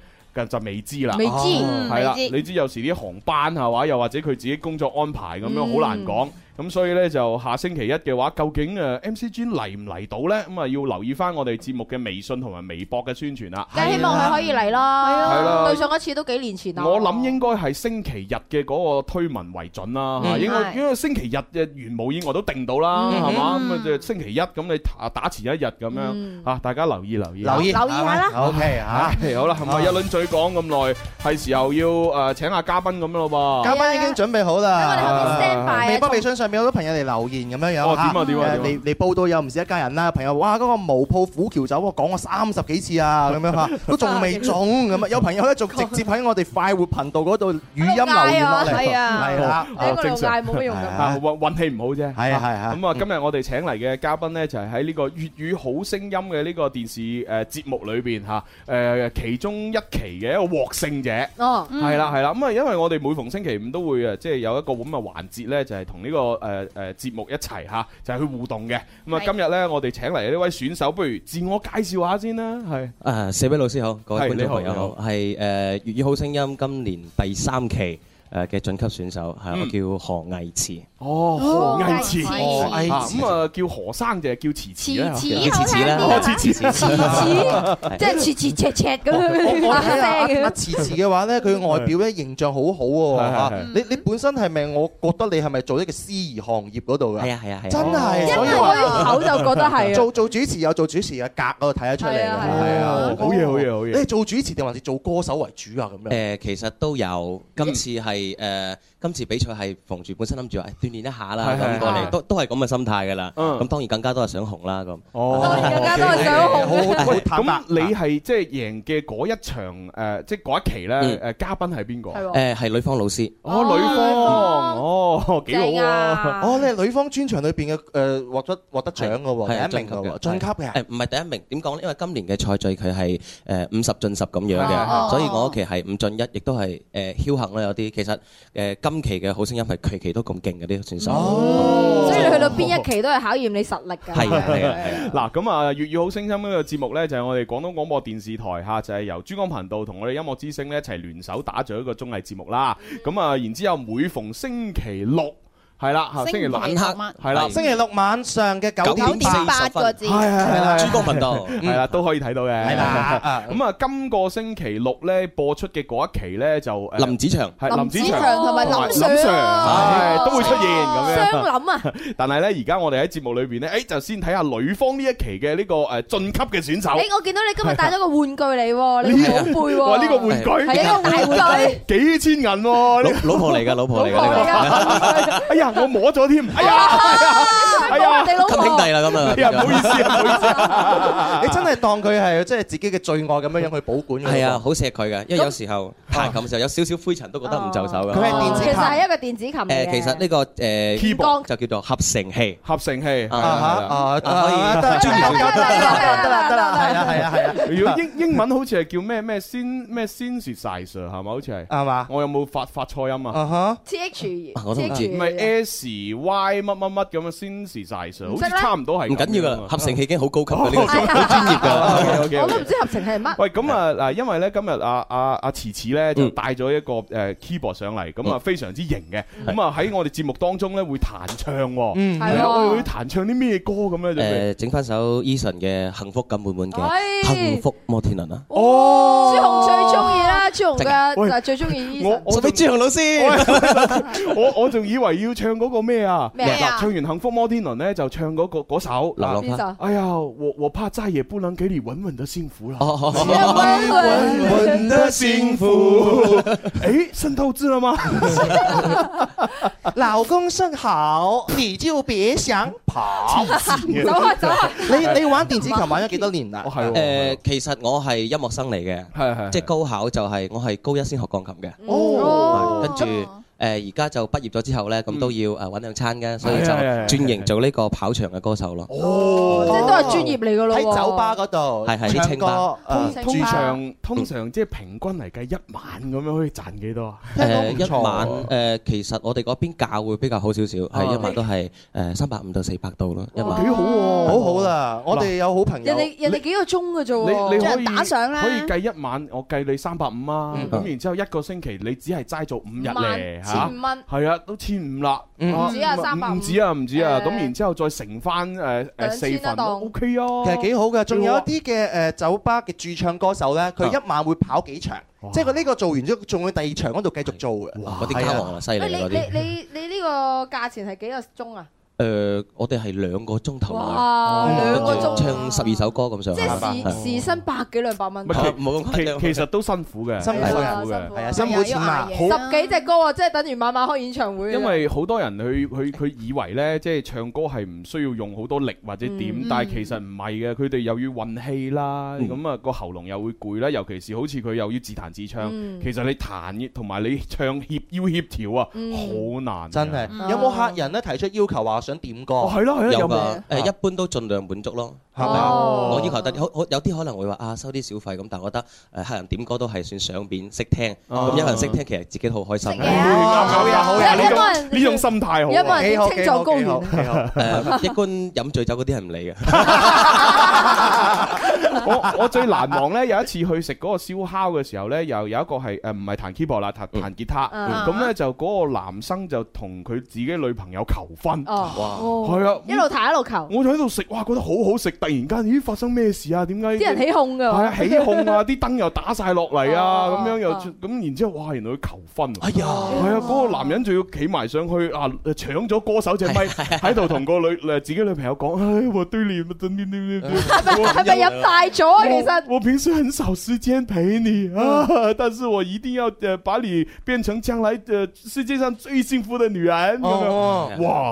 就未知啦，未知，係啦，你知有時啲航班係嘛，又或者佢自己工作安排咁樣，嗯，好難講。咁所以咧就下星期一嘅話，究竟誒 MC 君嚟唔嚟到咧？咁啊要留意翻我哋節目嘅微信同埋微博嘅宣傳啦。梗係希望佢可以嚟啦，係啦。對上一次都幾年前啦。我諗應該係星期日嘅嗰個推文為準啦。應該星期日嘅元無意外都定到啦，係嘛？咁啊星期一咁你打遲一日咁樣啊，大家留意留意。留意留意下啦。OK 嚇，好啦，係咪一輪嘴講咁耐？係時候要誒請下嘉賓咁咯噃。嘉賓已經準備好啦。喺我哋後邊 send 埋啊。微博微信上。有好多朋友嚟留言咁樣樣，點啊點啊，你你報道又唔似一家人啦。朋友，哇嗰個毛鋪苦蕎酒，講我三十幾次啊，咁樣嚇都仲未中咁啊！有朋友咧仲直接喺我哋快活頻道嗰度語音留言落嚟。係啊，正常冇咩用咁。運運氣唔好啫。係啊係啊。咁啊，今日我哋請嚟嘅嘉賓咧，就係喺呢個粵語好聲音嘅呢個電視誒節目裏邊嚇誒其中一期嘅一個獲勝者。哦，係啦係啦。咁啊，因為我哋每逢星期五都會啊，即係有一個咁嘅環節咧，就係同呢個。誒誒、呃呃、節目一齊嚇，就係、是、去互動嘅。咁啊，今日咧我哋請嚟呢位選手，不如自我介紹一下先啦。係，誒、啊，四位老師好，各位觀眾朋友好。係誒，粵語好聲、呃、音今年第三期誒嘅、呃、晉級選手，係、嗯、我叫何毅慈。哦，藝慈，咁啊，叫何生就係叫慈慈啦，叫慈慈啦，慈慈慈慈，即係慈慈赤赤咁。我我睇下啊，慈慈嘅話咧，佢外表咧，形象好好喎嚇。你你本身係咪？我覺得你係咪做一個司儀行業嗰度噶？係啊係啊係啊，真係，因為我一睇就覺得係做做主持有做主持嘅格，我睇得出嚟。係啊，好嘢好嘢好嘢！你做主持定還是做歌手為主啊？咁樣誒，其實都有，今次係誒。今次比賽係逢住本身諗住話鍛鍊一下啦咁過嚟，都都係咁嘅心態㗎啦。咁當然更加都係想紅啦咁。哦，大家都係想紅。好好好，咁你係即係贏嘅嗰一場誒，即係嗰一期咧誒，嘉賓係邊個？係喎。誒係女方老師。哦，女方，哦幾好喎。哦，你係女方專場裏邊嘅誒，獲得獲得獎㗎喎，第一名㗎喎，晉級嘅。誒唔係第一名，點講咧？因為今年嘅賽制佢係誒五十進十咁樣嘅，所以我嗰期係五進一，亦都係誒僥倖啦有啲。其實誒今今期嘅好聲音係期期都咁勁嘅，呢啲選手，哦哦、所以你去到邊一期都係考驗你實力噶係 嗱咁 啊，粵語好聲音呢個節目呢，就係、是、我哋廣東廣播電視台吓，就係、是、由珠江頻道同我哋音樂之聲呢一齊聯手打造一個綜藝節目啦。咁、嗯、啊，然之後，後每逢星期六。係啦，星期六晚係啦，星期六晚上嘅九點八個字，係係珠江頻道，係啦都可以睇到嘅。係啦，咁啊，今個星期六咧播出嘅嗰一期咧就林子祥，係林子祥同埋林尚，係都會出現咁樣相諗啊！但係咧，而家我哋喺節目裏邊咧，誒就先睇下女方呢一期嘅呢個誒進級嘅選手。誒，我見到你今日帶咗個玩具嚟喎，你好攰喎。呢個玩具係一個大玩具，幾千銀喎，老婆嚟㗎，老婆嚟㗎。哎呀！我摸咗添，哎呀，哎呀，琴兄弟啦咁啊，唔好意思，唔好意思，你真係當佢係即係自己嘅最愛咁樣樣去保管嘅，係啊，好錫佢㗎，因為有時候彈琴嘅時候有少少灰塵都覺得唔就手㗎，佢係電子琴，其實係一個電子琴，誒，其實呢個誒，keyboard 就叫做合成器，合成器，啊哈，啊可以，得啦得啦得啦，係啊係啊係啊，如果英英文好似係叫咩咩先咩先時曬 Sir 係咪？好似係係嘛？我有冇發發錯音啊？啊哈，T H T H，唔係 N。時歪乜乜乜咁樣先時曬上，好似差唔多係。唔緊要噶，合成器已經好高級，好專業噶。我都唔知合成器係乜。喂，咁啊嗱，因為咧今日阿阿阿遲遲咧就帶咗一個誒 keyboard 上嚟，咁啊非常之型嘅，咁啊喺我哋節目當中咧會彈唱喎。嗯，會彈唱啲咩歌咁咧？誒，整翻首 Eason 嘅《幸福感滿滿嘅幸福摩天輪》啊！哦，朱紅最中意啦，朱紅嘅嗱最中意 Eason。我俾朱雄老師，我我仲以為要唱。唱嗰個咩啊？唱完《幸福摩天輪》咧，就唱嗰個首嗱，哎呀，我我怕再也不能給你穩穩的幸福啦！穩穩的幸福，哎，滲透字了嗎？老公甚好，你就別想跑。你你玩電子琴玩咗幾多年啦？我係誒，其實我係音樂生嚟嘅，係係，即係高考就係我係高一先學鋼琴嘅，哦，跟住。誒而家就畢業咗之後咧，咁都要誒揾兩餐嘅，所以就轉型做呢個跑場嘅歌手咯。哦，即係都係專業嚟㗎咯，喺酒吧嗰度唱歌，通通常通常即係平均嚟計一晚咁樣可以賺幾多啊？誒一晚誒，其實我哋嗰邊價會比較好少少，係一晚都係誒三百五到四百度咯。一晚幾好喎，好好啦！我哋有好朋友，人哋人哋幾個鐘㗎啫喎，你你可以打上啦，可以計一晚，我計你三百五啊，咁然之後一個星期你只係齋做五日咧。千五蚊，係啊，都千五啦，唔止啊，三百，唔止啊，唔止啊，咁然之後再乘翻誒誒四份都 OK 啊，其實幾好嘅，仲有一啲嘅誒酒吧嘅駐唱歌手咧，佢一晚會跑幾場，即係佢呢個做完之後，仲去第二場嗰度繼續做嘅，哇，嗰啲卡皇啊，犀利嗰啲，你你你你呢個價錢係幾個鐘啊？誒，我哋係兩個鐘頭啊！兩個鐘唱十二首歌咁上下，即係時薪百幾兩百蚊。唔，其實都辛苦嘅，辛苦嘅，係啊，辛苦錢啊，十幾隻歌啊，即係等於晚晚開演唱會。因為好多人佢佢佢以為咧，即係唱歌係唔需要用好多力或者點，但係其實唔係嘅。佢哋又要運氣啦，咁啊個喉嚨又會攰啦，尤其是好似佢又要自彈自唱，其實你彈同埋你唱協要協調啊，好難。真係有冇客人咧提出要求話？想點歌，有誒一般都盡量滿足咯，係咪？我要求得，好有啲可能會話啊收啲小費咁，但係我覺得誒客人點歌都係算賞面，識聽一個人識聽，其實自己好開心。有冇人呢種心態好？有冇人清早高？一般飲醉酒嗰啲係唔理嘅。我我最難忘咧，有一次去食嗰個燒烤嘅時候咧，又有一個係誒唔係彈 keyboard 啦，彈彈吉他。咁咧就嗰個男生就同佢自己女朋友求婚。哇，係啊，一路彈一路求。我就喺度食，哇，覺得好好食。突然間，咦，發生咩事啊？點解？啲人起哄㗎。係啊，起哄啊，啲燈又打晒落嚟啊，咁樣又咁，然之後哇，原來佢求婚。哎呀，係啊，嗰個男人仲要企埋上去啊，搶咗歌手隻咪，喺度同個女自己女朋友講，唉，我對你係咪？係咪？咗啊，其實我，我平時很少時間陪你啊，但是我一定要誒把你變成將來誒世界上最幸福的女人。哇，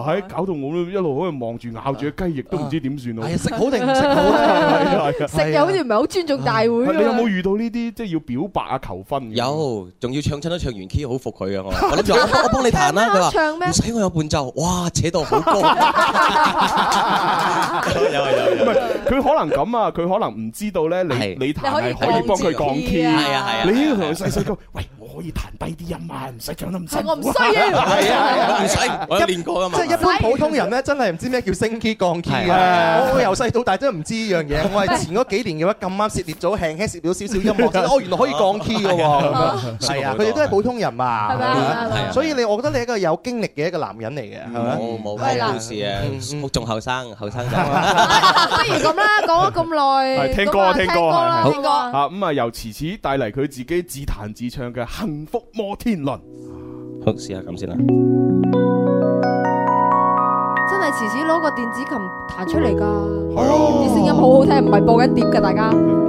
喺、啊、搞到我一路喺度望住咬住嘅雞翼都唔知點算咯。食好定唔食好？食又好似唔係好尊重大會。你有冇遇到呢啲即係要表白啊求婚？有，仲要唱親都唱完 K 好服佢啊。 我。我諗住我幫你彈啦。佢話唱咩？唔使我有伴奏。哇，扯到好高。有有有。唔係，佢可能咁啊，佢可能。唔知道咧，你你太係可以幫佢降 key，係啊，係啊，你呢度同佢細細講，喂。可以彈低啲音啊，唔使唱都唔識。我唔識啊，唔識，我練過啊嘛。即係一般普通人咧，真係唔知咩叫升 key 降 key 嘅。我由細到大都唔知呢樣嘢。我係前嗰幾年嘅話，咁啱涉獵咗輕輕，涉獵咗少少音樂，真係哦，原來可以降 key 嘅喎。係啊，佢哋都係普通人嘛。係啊，所以你，我覺得你係一個有經歷嘅一個男人嚟嘅。冇冇嘅故事啊，我仲後生，後生仔。不如咁啦，講咗咁耐，聽歌啊，聽歌係係好啊。咁啊，由秋秋帶嚟佢自己自彈自唱嘅。幸福摩天輪，好試下咁先啦。真係遲遲攞個電子琴彈出嚟噶，啲聲音好好聽，唔係播緊碟噶，大家。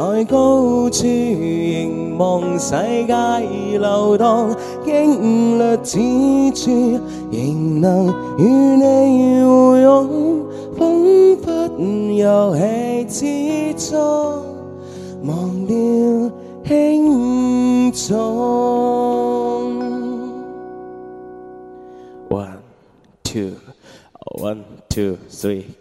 在高處凝望世界流動，經歷之處仍能與你互擁，彷彿遊戲之中，忘掉輕重。One two, one two three.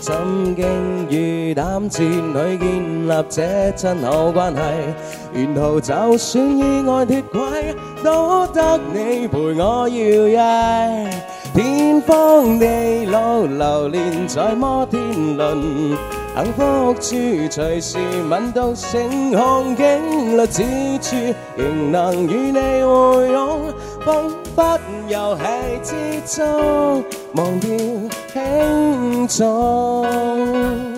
心驚與膽戰，裡建立這親厚關係。沿途就算意外跌軌，都得你陪我搖曳。天荒地老，流連在摩天輪，幸福處隨時吻到星空，看景略之處，仍能與你抱擁，彷彿遊戲之中，忘掉輕重。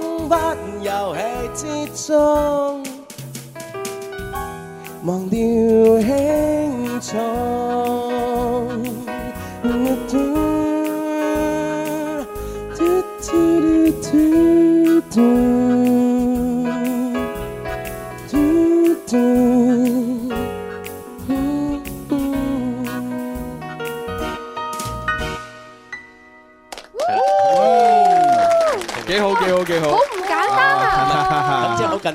不遊戲之中，忘掉輕重。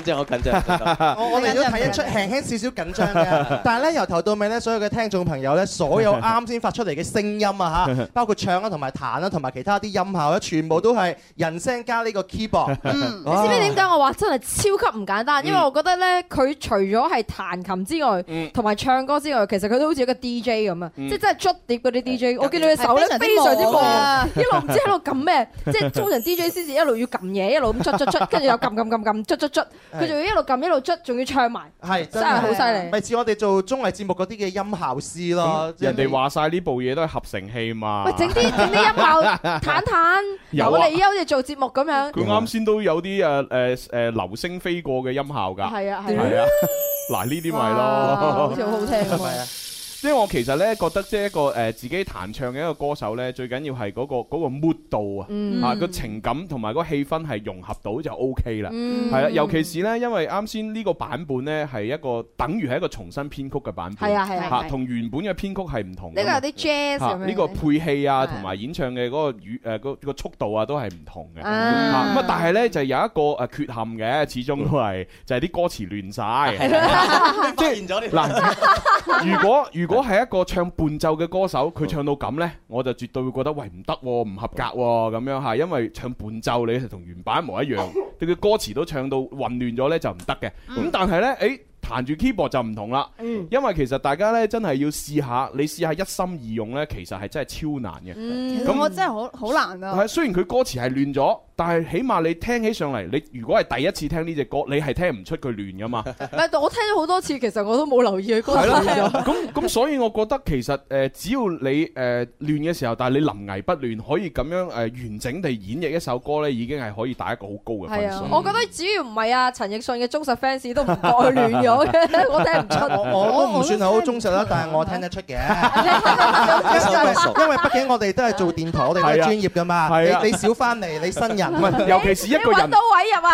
即係我緊張，我哋都睇得出輕輕少少緊張嘅。但係咧，由頭到尾咧，所有嘅聽眾朋友咧，所有啱先發出嚟嘅聲音啊，嚇，包括唱啊同埋彈啊同埋其他啲音效咧，全部都係人聲加呢個 keyboard。嗯嗯、你知唔知點解我話真係超級唔簡單？因為我覺得咧，佢除咗係彈琴之外，同埋、嗯、唱歌之外，其實佢都好似一個 DJ 咁啊，即係、嗯、真係捽碟嗰啲 DJ。我見到隻手咧非常之忙啊，一路唔知喺度撳咩，即係通常 DJ 先至一路要撳嘢，一路咁捽捽捽，跟住又撳撳撳撳捽捽捽。佢仲要一路撳一路捽，仲要唱埋，真係好犀利。咪似我哋做綜藝節目嗰啲嘅音效師咯，人哋話晒呢部嘢都係合成器嘛。喂，整啲整啲音效，坦坦，有嚟好似做節目咁樣。佢啱先都有啲誒誒誒流星飛過嘅音效㗎。係啊係啊，嗱呢啲咪咯，好似好好聽。即係我其實咧覺得，即係一個誒自己彈唱嘅一個歌手咧，最緊要係嗰個嗰個 mood 度啊，嚇個情感同埋個氣氛係融合到就 OK 啦，係啦，尤其是咧，因為啱先呢個版本咧係一個等於係一個重新編曲嘅版本，係係啊，嚇同原本嘅編曲係唔同嘅。呢個有啲 jazz 咁呢個配戲啊，同埋演唱嘅嗰個語、誒個速度啊，都係唔同嘅。嚇咁啊，但係咧就有一個誒缺陷嘅，始終都係就係啲歌詞亂晒，即係嗱，如果如如果係一個唱伴奏嘅歌手，佢唱到咁呢，我就絕對會覺得喂唔得喎，唔合格喎咁樣嚇，因為唱伴奏你同原版一模一樣，你嘅歌詞都唱到混亂咗、嗯、呢，就唔得嘅。咁但係呢。誒。彈住 keyboard 就唔同啦，嗯、因為其實大家咧真係要試下，你試下一心二用咧，其實係真係超難嘅。咁、嗯、那我真係好好難啊。係雖然佢歌詞係亂咗，但係起碼你聽起上嚟，你如果係第一次聽呢隻歌，你係聽唔出佢亂噶嘛。 但係我聽咗好多次，其實我都冇留意佢歌詞。係咯，咁咁所以我覺得其實誒、呃，只要你誒、呃、亂嘅時候，但係你臨危不亂，可以咁樣誒、呃、完整地演繹一首歌咧，已經係可以打一個好高嘅分數。啊嗯、我覺得只要唔係阿陳奕迅嘅忠實 fans 都唔愛亂咗。 我聽唔出，我我唔算係好忠實啦，但係我聽得出嘅，因為因為畢竟我哋都係做電台，我哋係專業㗎嘛。你你少翻嚟，你新人，尤其是一個人，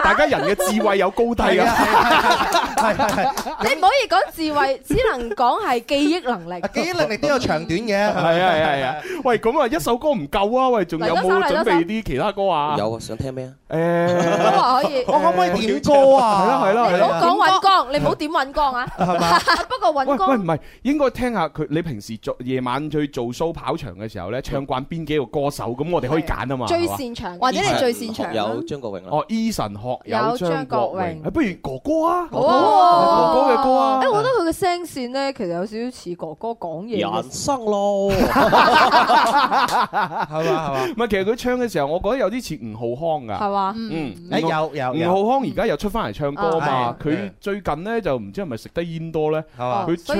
大家人嘅智慧有高低㗎。係係係。你唔可以講智慧，只能講係記憶能力。記憶能力都有長短嘅，係係係啊。喂，咁啊，一首歌唔夠啊，喂，仲有冇準備啲其他歌啊？有啊，想聽咩啊？誒，都還可以。我可唔可以點歌啊？係啦係啦係啦。你唔好講勳光，你唔好點。尹光啊，不過尹光。喂喂，唔係應該聽下佢？你平時做夜晚去做 show 跑場嘅時候咧，唱慣邊幾個歌手？咁我哋可以揀啊嘛。最擅長，或者你最擅長有張國榮啊。哦，Eason 學友有張國榮。不如哥哥啊，哥哥嘅歌啊。我覺得佢嘅聲線咧，其實有少少似哥哥講嘢。人生咯，係嘛。其實佢唱嘅時候，我覺得有啲似吳浩康㗎。係嘛？嗯，有有有。吳浩康而家又出翻嚟唱歌啊嘛。佢最近咧就。唔知係咪食得煙多咧，係嘛？佢唱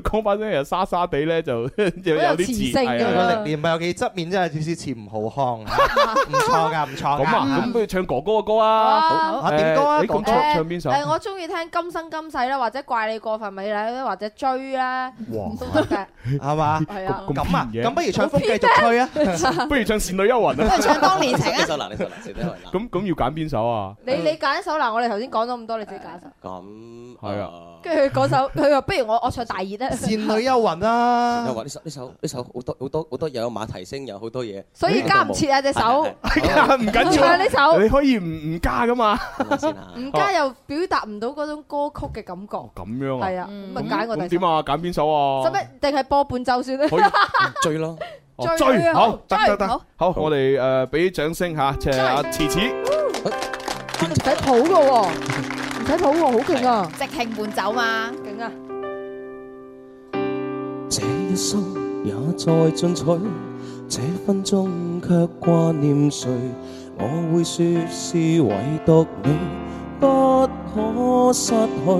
講翻聲又沙沙地咧，就有啲磁性，係啊！唔係，有幾側面真係似似似吳浩康，唔錯㗎，唔錯㗎，咁不如唱哥哥嘅歌啊，點歌啊？你講唱邊首？我中意聽《今生今世》啦，或者《怪你過分美麗》，或者《追》啦，都得係嘛？係啊。咁啊，咁不如唱風繼續吹啊，不如唱《倩女幽魂》啊，不如唱《當年情》啊。咁咁要揀邊首啊？你你揀一首嗱，我哋頭先講咗咁多，你自己揀一首。咁。係啊，跟住佢嗰首，佢話不如我我唱大熱咧，《倩女幽魂》啦，又話呢首呢首呢首好多好多好多又有馬蹄聲，有好多嘢，所以加唔切啊！隻手，唔緊要，呢首你可以唔唔加噶嘛，唔加又表達唔到嗰種歌曲嘅感覺。咁樣啊，係啊，咁啊揀我哋點啊，揀邊首啊？使乜？定係播伴奏算啦，追啦，追好得得得，好我哋誒俾掌聲吓，謝阿秋秋，唔使肚噶喎。睇好喎，好勁啊！直行半走嘛，勁啊！這一生也在進取，這分鐘卻掛念誰？我會説是唯獨你不可失去。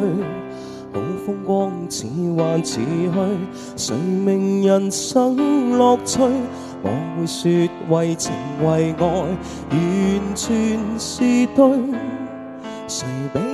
好風光似幻似虛，誰明人生樂趣？我會説為情為愛，完全是對。誰比？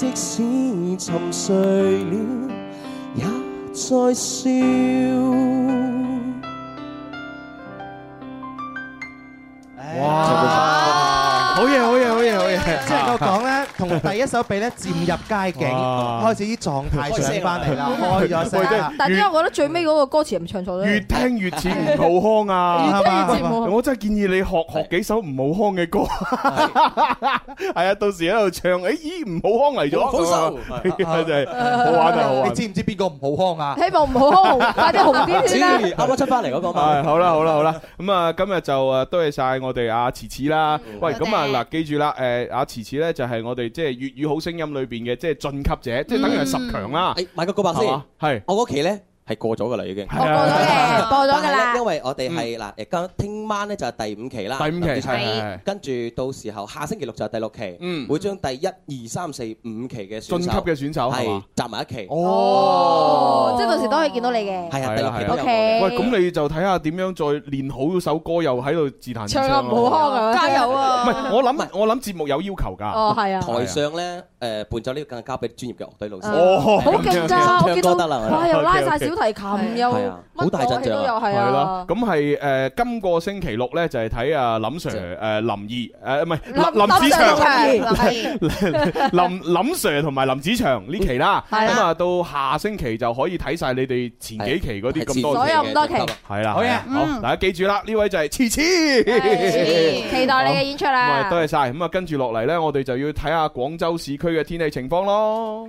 即使沉睡了，也在笑。第一首俾咧漸入佳境，開始啲狀態，開翻嚟啦，開咗聲啦。但因為我覺得最尾嗰個歌詞係唔唱錯咧？越聽越似吳浩康啊！我真係建議你學學幾首吳浩康嘅歌，係啊，到時喺度唱，誒，以吳浩康嚟咗。好熟，係啊，好玩啊，好玩！你知唔知邊個吳浩康啊？希望吳浩康紅，快啲紅啲先啦！啱啱出翻嚟嗰個嘛。係好啦，好啦，好啦。咁啊，今日就誒多謝曬我哋阿慈慈啦。喂，咁啊嗱，記住啦，誒，阿慈慈咧就係我哋。即係粵語好聲音裏邊嘅，即係晉級者，嗯、即係等於係十強啦、啊。誒、哎，買個告白先。係、啊，是我嗰期咧。係過咗噶啦，已經。我過咗嘅，過咗噶啦。因為我哋係嗱，誒今聽晚咧就係第五期啦。第五期。係。跟住到時候下星期六就係第六期。嗯。會將第一二三四五期嘅選手、晉級嘅選手係集埋一期。哦。即係到時都可以見到你嘅。係啊，第六期。O K。喂，咁你就睇下點樣再練好嗰首歌，又喺度自彈自唱。唱無腔，加油啊！唔係，我諗埋我諗節目有要求㗎。哦，係啊。台上咧誒伴奏呢個梗係交俾專業嘅樂隊老師。哦。好競爭，我見到。係啊，拉曬小提琴又乜嘢我哋都有係啊，係咯，咁係誒，今個星期六咧就係睇阿林 Sir 誒林二誒唔係林林子祥，林林 Sir 同埋林子祥呢期啦，咁啊到下星期就可以睇晒你哋前幾期嗰啲咁多，所有咁多期係啦，好嘅，好，大家記住啦，呢位就係次次，期待你嘅演出啦，多謝晒。咁啊跟住落嚟咧，我哋就要睇下廣州市區嘅天氣情況咯。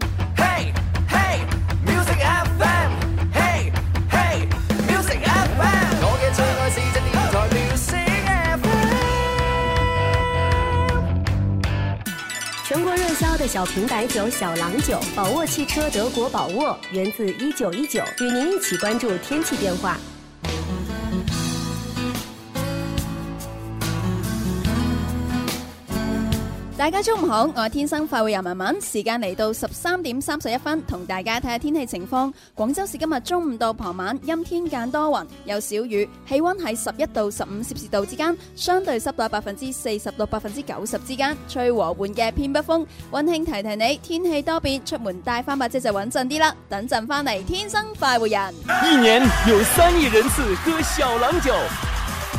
小瓶白酒、小郎酒、寶沃汽車，德國寶沃，源自一九一九，與您一起關注天氣變化。大家中午好，我係天生快活人文文，時間嚟到十三點三十一分，同大家睇下天氣情況。廣州市今日中午到傍晚陰天間多雲，有小雨，氣溫喺十一到十五攝氏度之間，相對濕度百分之四十到百分之九十之間，吹和緩嘅偏北風。溫馨提提你，天氣多變，出門帶翻把遮就穩陣啲啦。等陣翻嚟，天生快活人。一年有三億人次喝小郎酒。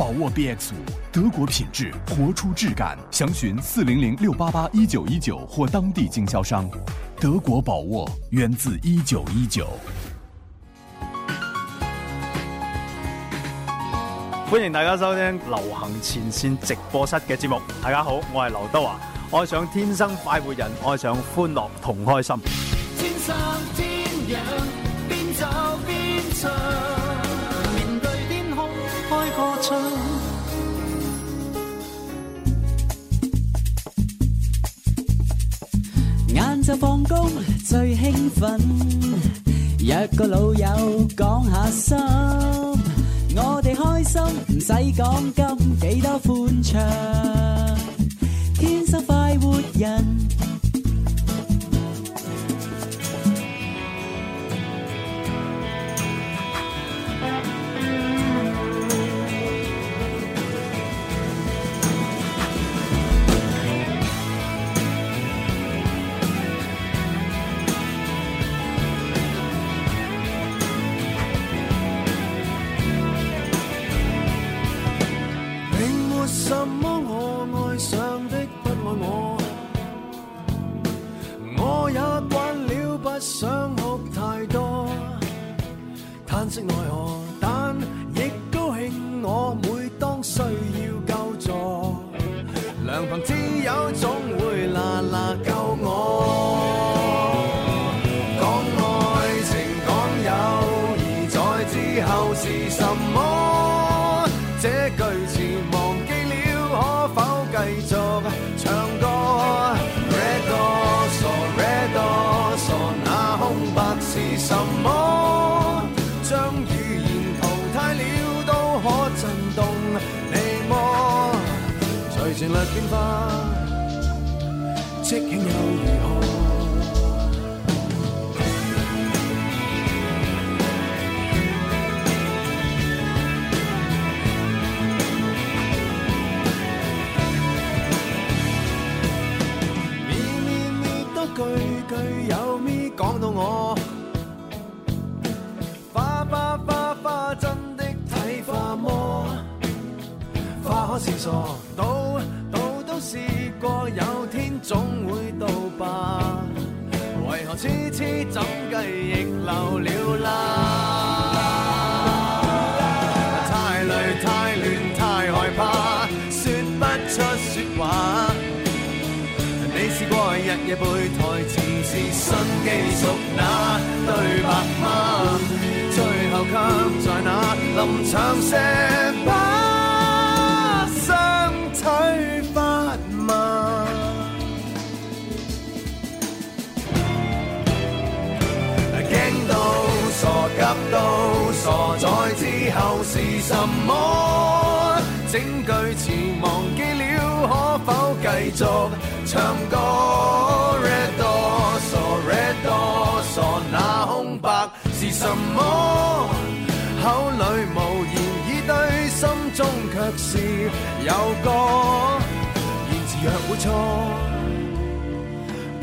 寶沃 BX5 德國品質，活出質感。詳詢四零零六八八一九一九或當地經銷商。德國寶沃，源自一九一九。歡迎大家收聽《流行前線直播室》嘅節目。大家好，我係劉德華。愛上天生快活人，愛上歡樂同開心。天生天養，邊走邊唱。晏晝放工最興奮，約個老友講下心，我哋開心唔使講金，幾多歡暢，天生快活人。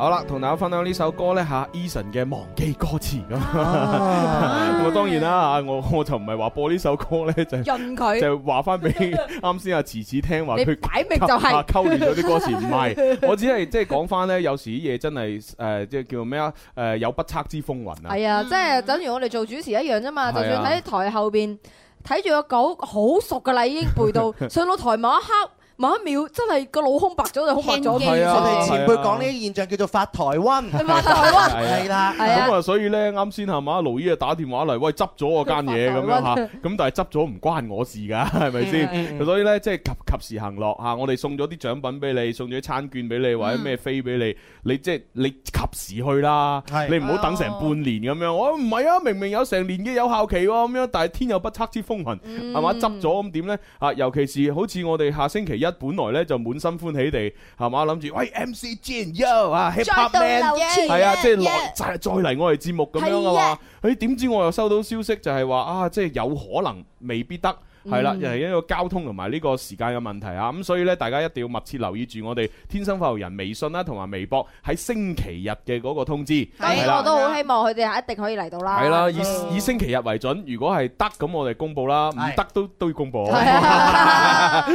好啦，同大家分享呢首歌咧，吓 Eason 嘅《忘記歌詞》咁。咁啊， 當然啦，我我就唔係話播呢首歌咧，就引、是、佢，他就話翻俾啱先阿慈慈聽話佢擺明就係勾聯咗啲歌詞，唔係 我只係即係講翻咧，有時啲嘢真係誒，即、呃、係叫咩啊？誒、呃，有不測之風雲啊！係啊，即、就、係、是、等如我哋做主持一樣啫嘛。就算喺台後邊睇住個稿好熟噶啦，已經背到上到台某一刻。某一秒真係個腦空白咗就好白咗嘅，我哋前輩講呢啲現象叫做發台,是台灣，發台灣係啦。咁啊，所以咧啱先係嘛，盧姨啊打電話嚟，喂執咗我間嘢咁樣嚇，咁但係執咗唔關我的事㗎，係咪先？所以咧即係及及時行樂。嚇、啊，我哋送咗啲獎品俾你，送咗啲餐券俾你，或者咩飛俾你，你即係你及時去啦，你唔好等成半年咁樣。我唔係啊，明明有成年嘅有效期喎，咁樣，但係天有不測之風雲係嘛，執咗咁點咧嚇？尤其是好似我哋下星期一。本來咧就滿心歡喜地係嘛，諗住喂 MC Jin yo，Hip Hop Man 係啊，即係來就係再嚟我哋節目咁樣噶嘛，誒點知我又收到消息就係話啊，即係有可能未必得。係啦，又係因個交通同埋呢個時間嘅問題啊！咁所以呢，大家一定要密切留意住我哋天生快活人微信啦，同埋微博喺星期日嘅嗰個通知。咁我都好希望佢哋一定可以嚟到啦。係啦，以以星期日為準，如果係得咁，我哋公布啦；唔得都都要公布。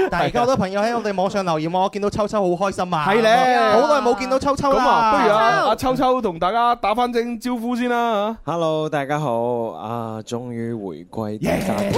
大家好多朋友喺我哋網上留言，我見到秋秋好開心啊！係你好耐冇見到秋秋啦。咁啊，不如阿秋秋同大家打翻正招呼先啦。Hello，大家好！啊，終於回歸家庭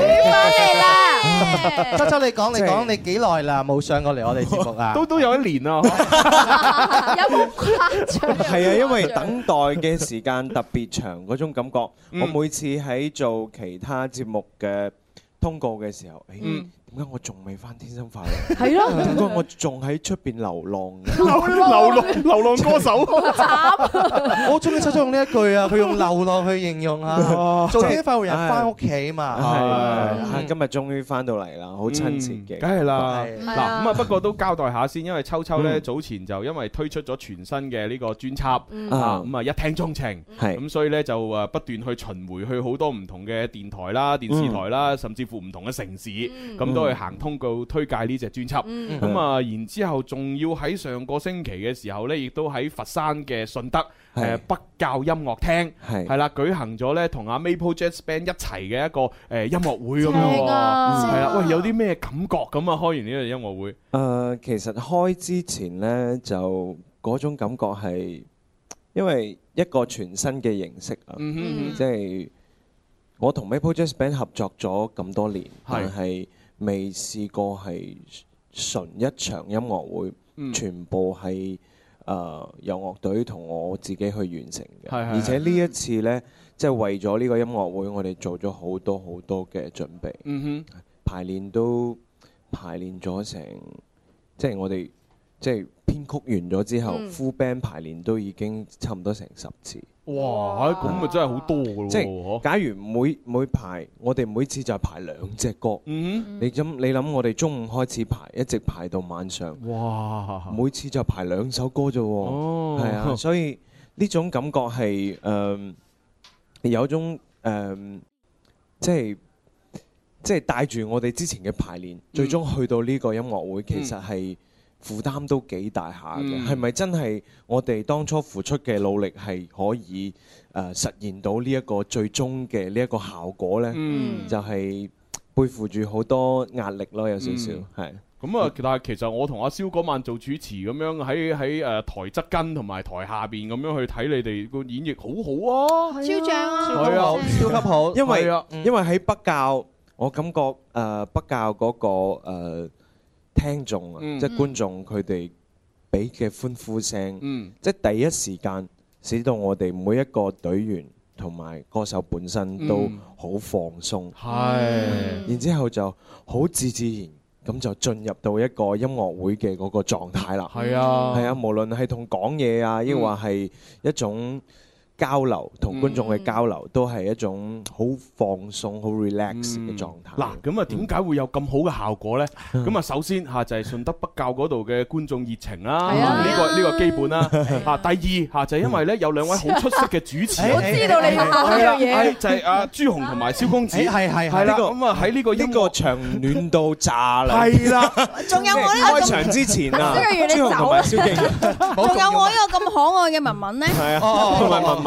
秋秋，你講你講你幾耐啦？冇上過嚟我哋節目啊？都都有一年咯。有冇誇張？係啊，因為等待嘅時間特別長嗰種感覺。我每次喺做其他節目嘅通告嘅時候，嗯。我仲未翻天生快活，係咯？我仲喺出邊流浪，流浪流浪流浪歌手，慘！我中意秋秋用呢一句啊，佢用流浪去形容啊，做天生快活人翻屋企啊嘛，係今日終於翻到嚟啦，好親切嘅，梗係啦。嗱咁啊，不過都交代下先，因為秋秋咧早前就因為推出咗全新嘅呢個專輯啊，咁啊一聽鐘情，係咁，所以咧就啊不斷去巡迴去好多唔同嘅電台啦、電視台啦，甚至乎唔同嘅城市，咁都。去行通告推介呢隻專輯，咁啊、嗯，然之後仲要喺上個星期嘅時候呢，亦都喺佛山嘅順德誒是北滘音樂廳係啦舉行咗呢同阿 Maple Jazz Band 一齊嘅一個誒音樂會咁、啊、樣，係啦，喂，有啲咩感覺咁啊？開完呢個音樂會，誒、呃，其實開之前呢，就嗰種感覺係因為一個全新嘅形式啊，即係我同 Maple Jazz Band 合作咗咁多年，是但係。未試過係純一場音樂會、嗯、全部係誒由樂隊同我自己去完成嘅，而且呢一次咧，嗯、即係為咗呢個音樂會我哋做咗好多好多嘅準備，嗯、哼、排練都排練咗成，即係我哋即係編曲完咗之後 full band 排練都已經差唔多成十次。哇！咁咪真係好多嘅即係，假如每每排我哋每次就排兩隻歌，mm hmm. 你諗你諗，我哋中午開始排，一直排到晚上，哇，每次就排兩首歌啫，係啊、oh，所以呢種感覺係誒、呃、有一種誒即係即係帶住我哋之前嘅排練，mm hmm. 最終去到呢個音樂會，其實係。負擔都幾大下嘅，係咪、嗯、真係我哋當初付出嘅努力係可以誒、呃、實現到呢一個最終嘅呢一個效果呢、嗯嗯？就係、是、背負住好多壓力咯，有少少係。咁啊，但係其實我同阿蕭嗰晚做主持咁樣喺喺誒台側跟同埋台下邊咁樣去睇你哋個演繹，好好啊，超正啊，係啊，超級好。啊、級好因為、啊、因為喺北教，我感覺誒、呃、北教嗰、那個、呃聽眾，啊、嗯，即係觀眾佢哋俾嘅歡呼聲，嗯、即係第一時間使到我哋每一個隊員同埋歌手本身都好放鬆，係、嗯、然之後就好自自然咁就進入到一個音樂會嘅嗰個狀態啦。係啊，係啊，無論係同講嘢啊，抑或係一種。交流同觀眾嘅交流都係一種好放鬆、好 relax 嘅狀態。嗱，咁啊點解會有咁好嘅效果咧？咁啊，首先嚇就係順德北滘嗰度嘅觀眾熱情啦，呢個呢個基本啦。嚇第二嚇就係因為咧有兩位好出色嘅主持，我知道你話呢樣嘢，就係阿朱紅同埋蕭公子，係係係啦。咁啊喺呢個呢個場暖到炸啦，係啦，仲有我呢個開場之前啊，朱紅同埋蕭敬，仲有我呢個咁可愛嘅文文咧，係啊，同埋文。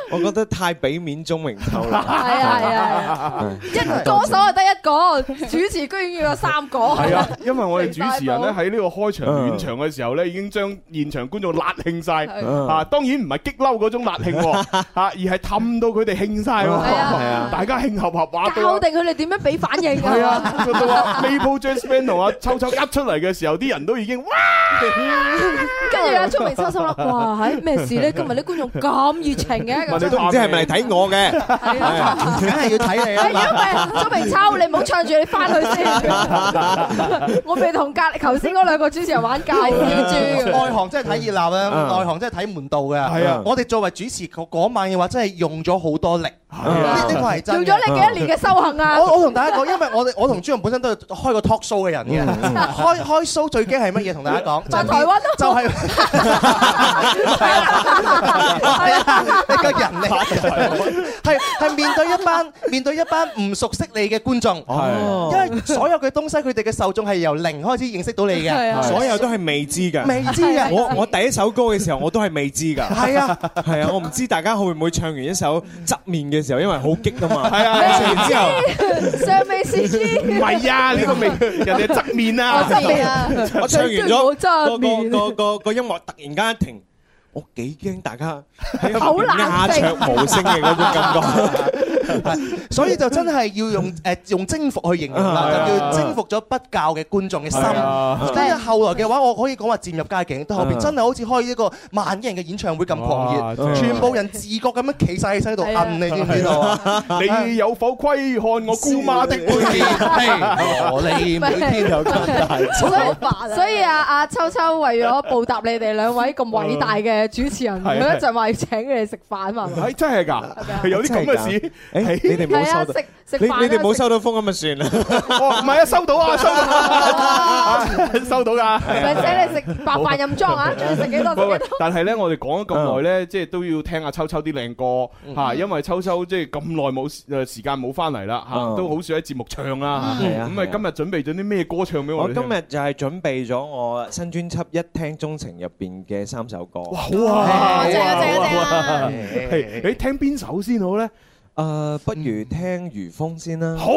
我覺得太俾面鍾榮秋啦，係啊係啊，一歌手係得一個，主持居然要有三個，係啊，因為我哋主持人咧喺呢個開場暖場嘅時候咧，已經將現場觀眾辣興晒。啊！當然唔係激嬲嗰種辣興喎，啊，而係氹到佢哋興晒喎，係啊！大家興合合話，教定佢哋點樣俾反應㗎，係啊！都話 Maple Jazz Band 同阿秋秋噏出嚟嘅時候，啲人都已經哇，跟住阿鍾榮秋心啦，哇！係咩事咧？今日啲觀眾咁熱情嘅。我都唔知係咪嚟睇我嘅，梗係要睇你。係因為蘇明秋，你唔好唱住，你翻去先。我未同隔頭先嗰兩個主持人玩隔熱珠。外行真係睇熱鬧啦，內行真係睇門道㗎。係啊，我哋作為主持，嗰嗰晚嘅話真係用咗好多力，呢個係真。用咗你幾多年嘅修行啊！我我同大家講，因為我我同朱潤本身都係開過 talk show 嘅人嘅，開開 show 最驚係乜嘢？同大家講。台灣咯，就係。係係 面對一班 面對一班唔熟悉你嘅觀眾， 啊、因為所有嘅東西佢哋嘅受眾係由零開始認識到你嘅，所有都係未知嘅。未知啊！我我第一首歌嘅時候，我都係未知噶。係啊係啊，我唔、啊啊啊、知大家會唔會唱完一首側面嘅時候，因為好激啊嘛。係啊， 嗯、我唱完之後尚未知。唔係 啊，呢、這個未人哋側面啊。我側面啊 我唱完咗，個個個個音樂突然間停。我幾驚大家喺個鴉雀無聲嘅嗰種感覺。 所以就真係要用誒，用征服去形容啦，就叫征服咗不教嘅觀眾嘅心。即係，後來嘅話，我可以講話漸入佳境，到後邊真係好似開一個萬人嘅演唱會咁狂熱，全部人自覺咁樣企晒起身喺度，摁，你知唔知道？你有否窺看我姑媽的背景？我哋。每天又真係，所以啊啊秋秋為咗報答你哋兩位咁偉大嘅主持人，佢一陣話要請你哋食飯啊嘛。哎，真係噶，有啲咁嘅事。你哋冇收到，你你哋冇收到風咁咪算啦。唔係啊，收到啊，收到噶。或者你食白飯任裝啊？仲要食幾多？但係咧，我哋講咗咁耐咧，即係都要聽下秋秋啲靚歌吓，因為秋秋即係咁耐冇誒時間冇翻嚟啦吓，都好少喺節目唱啦。咁啊，今日準備咗啲咩歌唱俾我？我今日就係準備咗我新專輯《一聽鍾情》入邊嘅三首歌。哇，好啊，正啊，正啊，正啊！係，誒，聽邊首先好咧？誒，不如聽如風先啦。好，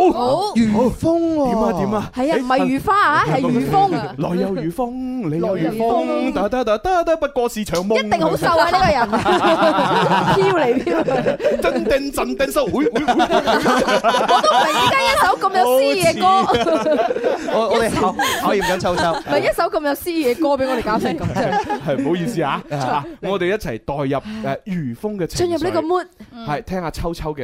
如風喎。點啊點啊！係啊，唔係如花嚇，係如風啊。來又如風，你又如風，得得得得得，不過是長夢。一定好瘦啊！呢個人，飄嚟飄去，陣丁陣丁收。我都依家一首咁有詩意嘅歌。我我哋考考驗緊秋秋。唔係一首咁有詩意嘅歌，俾我哋搞聲。係唔好意思嚇，我哋一齊代入誒如風嘅。進入呢個 mood，係聽下秋秋嘅。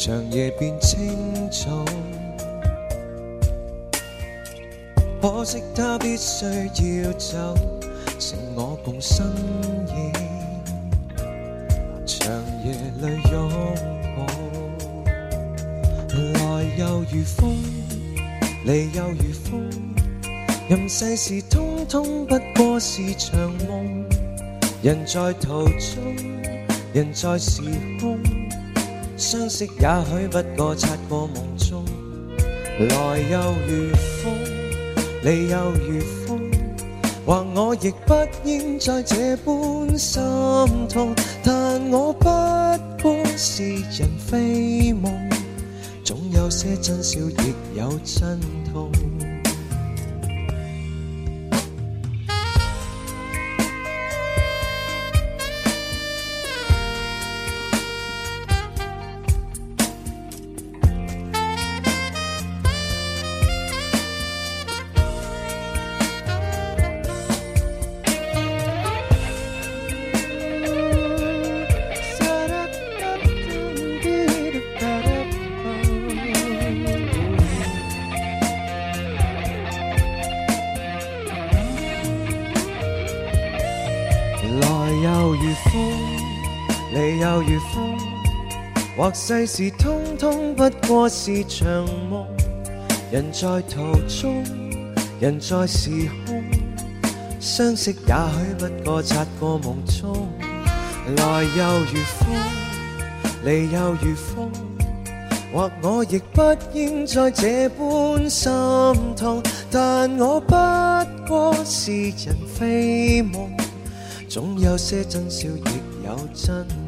長夜變清早，可惜他必須要走，剩我共身影，長夜裏擁抱，來又如風，離又如風，任世事通通不過是場夢，人在途中，人在時空。相識也許不過擦過夢中，來又如風，離又如風。或我亦不應再這般心痛，但我不管是人非夢，總有些真笑，亦有真痛。或世事通通不過是場夢，人在途中，人在時空，相識也許不過擦過夢中，來又如風，離又如風。或我亦不應再這般心痛，但我不過是人非夢，總有些真笑亦有真。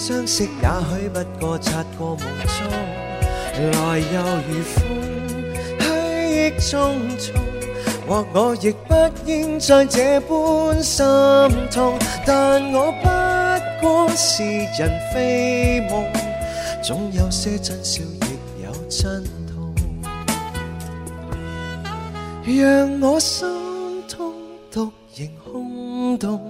相識也許不過擦過夢中，來又如風，去亦匆匆。或我亦不應再這般心痛，但我不過是人非夢，總有些真笑，亦有真痛。讓我心痛，獨仍空洞。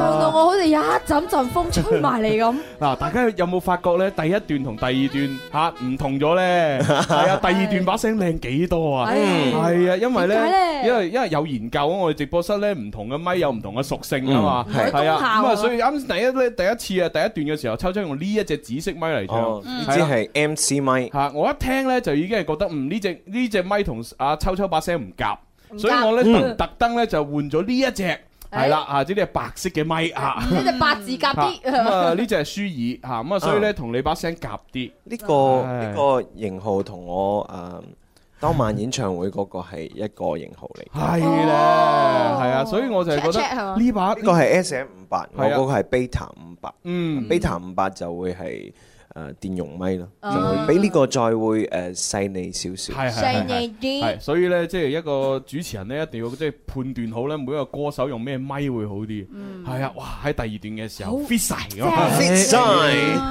令到我好似有一陣陣風吹埋嚟咁。嗱，大家有冇發覺咧？第一段同第二段吓唔同咗咧？係啊，第二段把聲靚幾多啊？係啊，因為咧，因為因為有研究啊，我哋直播室咧，唔同嘅咪有唔同嘅屬性啊嘛。係啊，咁啊，所以啱先第一咧，第一次啊，第一段嘅時候，秋秋用呢一隻紫色咪嚟唱，呢隻係 MC 咪。吓，我一聽咧就已經係覺得，嗯，呢隻呢隻咪同阿秋秋把聲唔夾，所以我咧特登咧就換咗呢一隻。係啦、就是啊嗯啊，啊！呢啲係白色嘅咪啊，呢隻八字夾啲。呢隻係舒爾吓，咁啊，所以咧同、嗯、你把聲夾啲。呢、這個呢、哎、個型號同我誒、呃、當晚演唱會嗰個係一個型號嚟。嘅，係咧、哦，係啊，所以我就係覺得呢把呢個係 SM 五八，我嗰個係 Beta 五八。嗯、uh,，Beta 五八就會係。誒電容咪咯，俾呢個再會誒細膩少少。係係係。細膩啲。係，所以咧即係一個主持人咧一定要即係判斷好咧，每一個歌手用咩咪會好啲。嗯，係啊，哇！喺第二段嘅時候，fisher 咁啊，fisher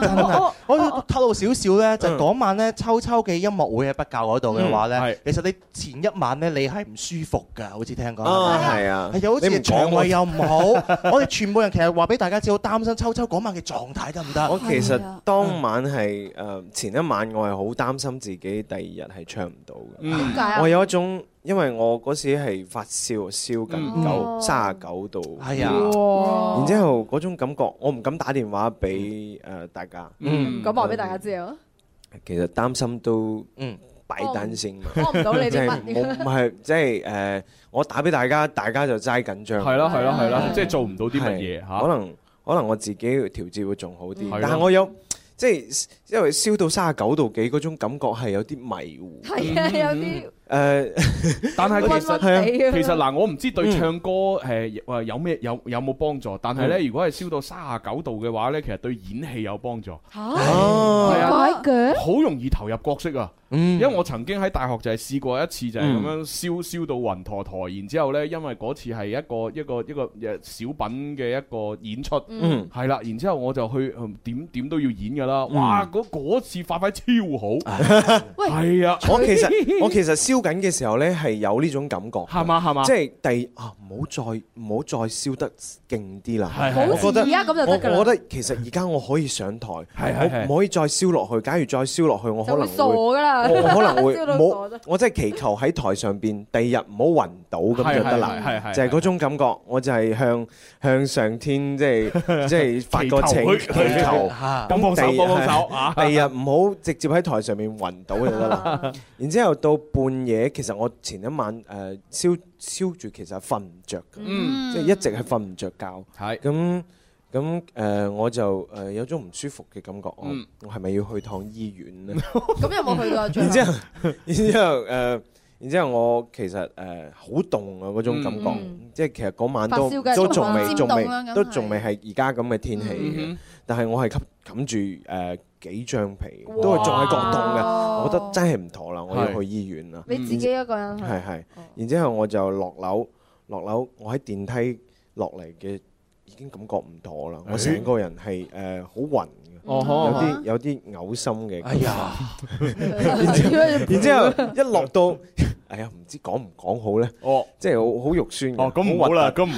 真係。我透露少少咧，就嗰晚咧秋秋嘅音樂會喺北教嗰度嘅話咧，其實你前一晚咧你係唔舒服㗎，好似聽講。啊係啊，係又好似腸胃又唔好。我哋全部人其實話俾大家知，好擔心秋秋嗰晚嘅狀態得唔得？我其實當晚。晚係誒，前一晚我係好擔心自己第二日係唱唔到嘅。點解？我有一種，因為我嗰時係發燒，燒緊九三十九度。係啊。然之後嗰種感覺，我唔敢打電話俾誒大家。嗯。咁話俾大家知咯。其實擔心都嗯擺擔心。幫唔到你啲乜嘢。唔係，即係誒，我打俾大家，大家就齋緊張。係咯，係咯，係咯。即係做唔到啲乜嘢吓？可能可能我自己調節會仲好啲，但係我有。即係因為燒到三十九度幾嗰種感覺，係有啲迷糊。係啊，有啲。誒，但係其實其實嗱，我唔知對唱歌誒有咩，有有冇幫助。但係呢，如果係燒到三十九度嘅話呢，其實對演戲有幫助。吓，係啊，好容易投入角色啊！因為我曾經喺大學就係試過一次，就係咁樣燒燒到暈陀陀。然之後咧，因為嗰次係一個一個一個小品嘅一個演出，係啦。然之後我就去點點都要演噶啦。哇，嗰次發揮超好。係啊，我其實我其實燒。燒緊嘅時候咧，係有呢種感覺，係嘛係嘛，即係第啊，唔好再唔好再燒得勁啲啦。我覺得而家咁就得噶啦。我覺得其實而家我可以上台，我唔可以再燒落去。假如再燒落去，我可能會我可能會我真係祈求喺台上邊，第二日唔好暈倒咁就得啦。就係嗰種感覺，我就係向向上天，即係即係發個請祈求，咁幫手幫幫手啊！第日唔好直接喺台上面暈倒就得啦。然之後到半。嘢其實我前一晚誒、呃、燒燒住，其實係瞓唔着嘅，嗯、即係一直係瞓唔着覺。係咁咁誒，我就誒、呃、有種唔舒服嘅感覺。嗯、我我係咪要去趟醫院咧？咁 有冇去過。然之後，然之後誒、呃，然之後我其實誒好凍啊！嗰、呃、種感覺，即係、嗯、其實嗰晚都都仲未，仲未、嗯，没都仲未係而家咁嘅天氣、嗯、但係我係冚冚住誒。呃幾張皮都係仲喺角凍嘅，我覺得真係唔妥啦，我要去醫院啦。你自己一個人係係，然之後我就落樓，落樓我喺電梯落嚟嘅已經感覺唔妥啦，我成個人係誒好暈嘅，有啲有啲嘔心嘅。哎呀，然之後一落到。哎呀，唔知講唔講好咧，哦，即係好好肉酸嘅，哦咁唔好啦，咁唔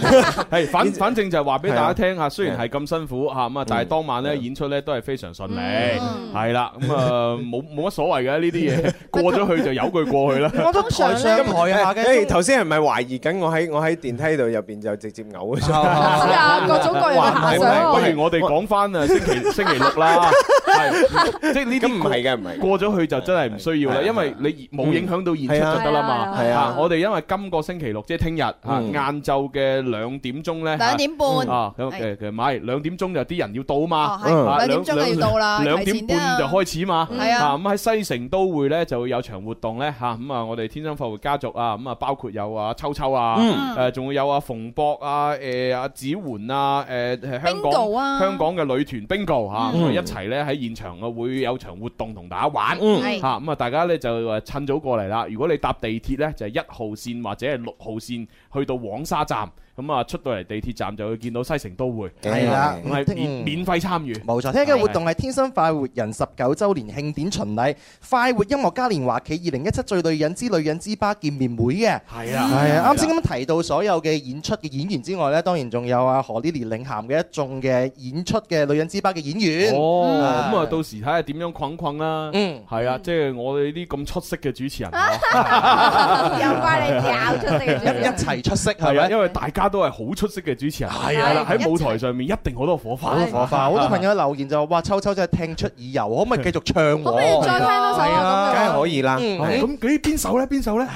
係，反反正就係話俾大家聽下，雖然係咁辛苦吓咁啊，但係當晚咧演出咧都係非常順利，係啦，咁啊冇冇乜所謂嘅呢啲嘢，過咗去就由佢過去啦。我都台上台下嘅，誒，頭先係咪懷疑緊我喺我喺電梯度入邊就直接嘔咗出嚟啊？個祖國人啊，不如我哋講翻啊，星期星期六啦。即係呢啲唔係嘅，唔係過咗去就真係唔需要啦，因為你冇影響到演出就得啦嘛。係啊，我哋因為今個星期六即係聽日晏晝嘅兩點鐘咧，兩點半啊，咁唔係兩點鐘就啲人要到嘛，兩點鐘就要到啦，兩點半就開始嘛，係啊，咁喺西城都會咧就會有場活動咧吓，咁啊我哋天生快活家族啊，咁啊包括有啊秋秋啊，誒仲會有阿馮博啊，誒阿子媛啊，誒香港啊，香港嘅女團 bingo 吓，啊，一齊咧喺演。現場啊，會有場活動同大家玩，吓、嗯、咁是啊、嗯！大家咧就趁早過嚟啦。如果你搭地鐵咧，就係、是、一號線或者係六號線。去到黃沙站，咁啊出到嚟地鐵站就會見到西城都會，係啦，係免免費參與。冇錯，聽日嘅活動係天生快活人十九週年慶典巡禮、快活音樂嘉年華暨二零一七最女人之女人之吧見面會嘅。係啊，係啊，啱先咁提到所有嘅演出嘅演員之外呢，當然仲有啊何莉莉、領銜嘅一眾嘅演出嘅女人之吧嘅演員。哦，咁啊到時睇下點樣捆捆啦。嗯，係啊，即係我哋啲咁出色嘅主持人。又怪你搞出一齊。出色係啊，因為大家都係好出色嘅主持人。係啊，喺舞台上面一定好多火花，好多火花。好多朋友留言就話：哇，秋秋真係聽出耳油，可唔可以繼續唱喎？可唔可以再聽多首啊？梗係可以啦。咁幾邊首咧？邊首咧？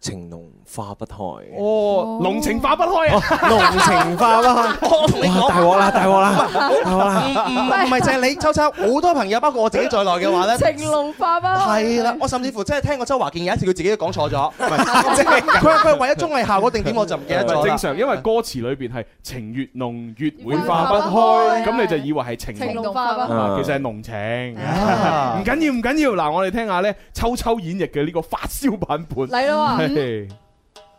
情濃。化不開哦，濃情化不開啊！濃情化啦，大鑊啦，大鑊啦！唔唔係就係你秋秋，好多朋友，包括我自己在內嘅話咧，情濃化不開係啦。我甚至乎真係聽過周華健有一次佢自己都講錯咗，佢話佢係為咗綜藝效果定點，我就唔記得咗。正常，因為歌詞裏邊係情越濃越會化不開，咁你就以為係情濃化不開，其實係濃情。唔緊要，唔緊要。嗱，我哋聽下咧秋秋演繹嘅呢個發燒版本嚟咯。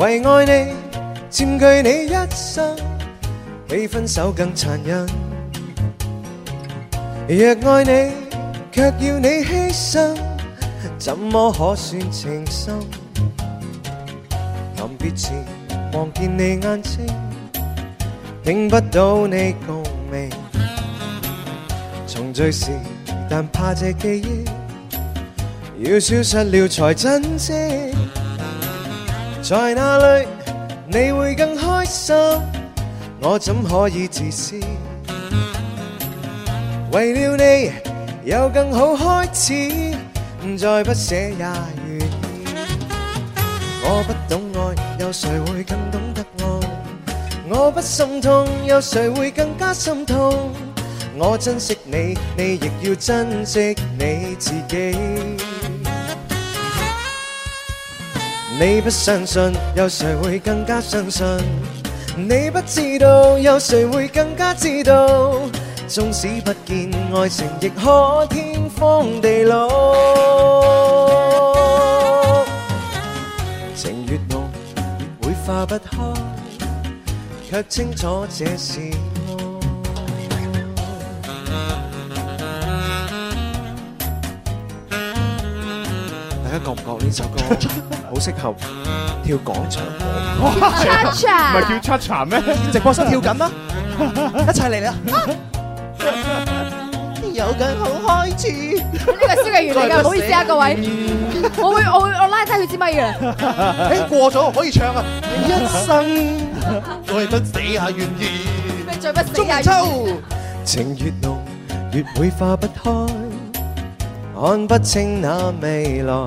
為愛你佔據你一生，比分手更殘忍。若愛你，卻要你犧牲，怎麼可算情深？臨別前望見你眼睛，聽不到你共鳴。重聚時，但怕這記憶要消失了才珍惜。在哪裏，你會更開心？我怎可以自私？為了你有更好開始，不再不捨也願意。我不懂愛，有誰會更懂得愛？我不心痛，有誰會更加心痛？我珍惜你，你亦要珍惜你自己。你不相信，有誰會更加相信？你不知道，有誰會更加知道？縱使不見愛情，亦可天荒地老。 情越濃，越會化不開，却清楚這是愛。 大家覺唔覺呢首歌？ 好適合跳廣場舞，唔係叫七層咩？直播室跳緊啦，一齊嚟啦！有更好開始，呢個新藝員嚟㗎，唔好意思啊，各位，我會我會我拉低佢支咪嘅。過咗可以唱啊！一生再不死也願意，中秋情越濃越會化不開，看不清那未來。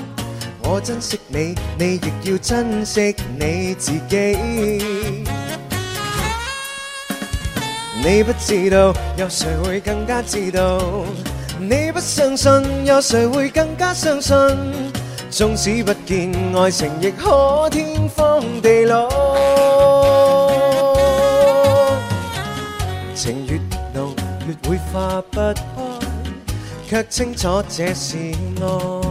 我珍惜你，你亦要珍惜你自己。你不知道，有誰會更加知道？你不相信，有誰會更加相信？縱使不見，愛情亦可天荒地老。情越濃，越會化不開，卻清楚這是愛。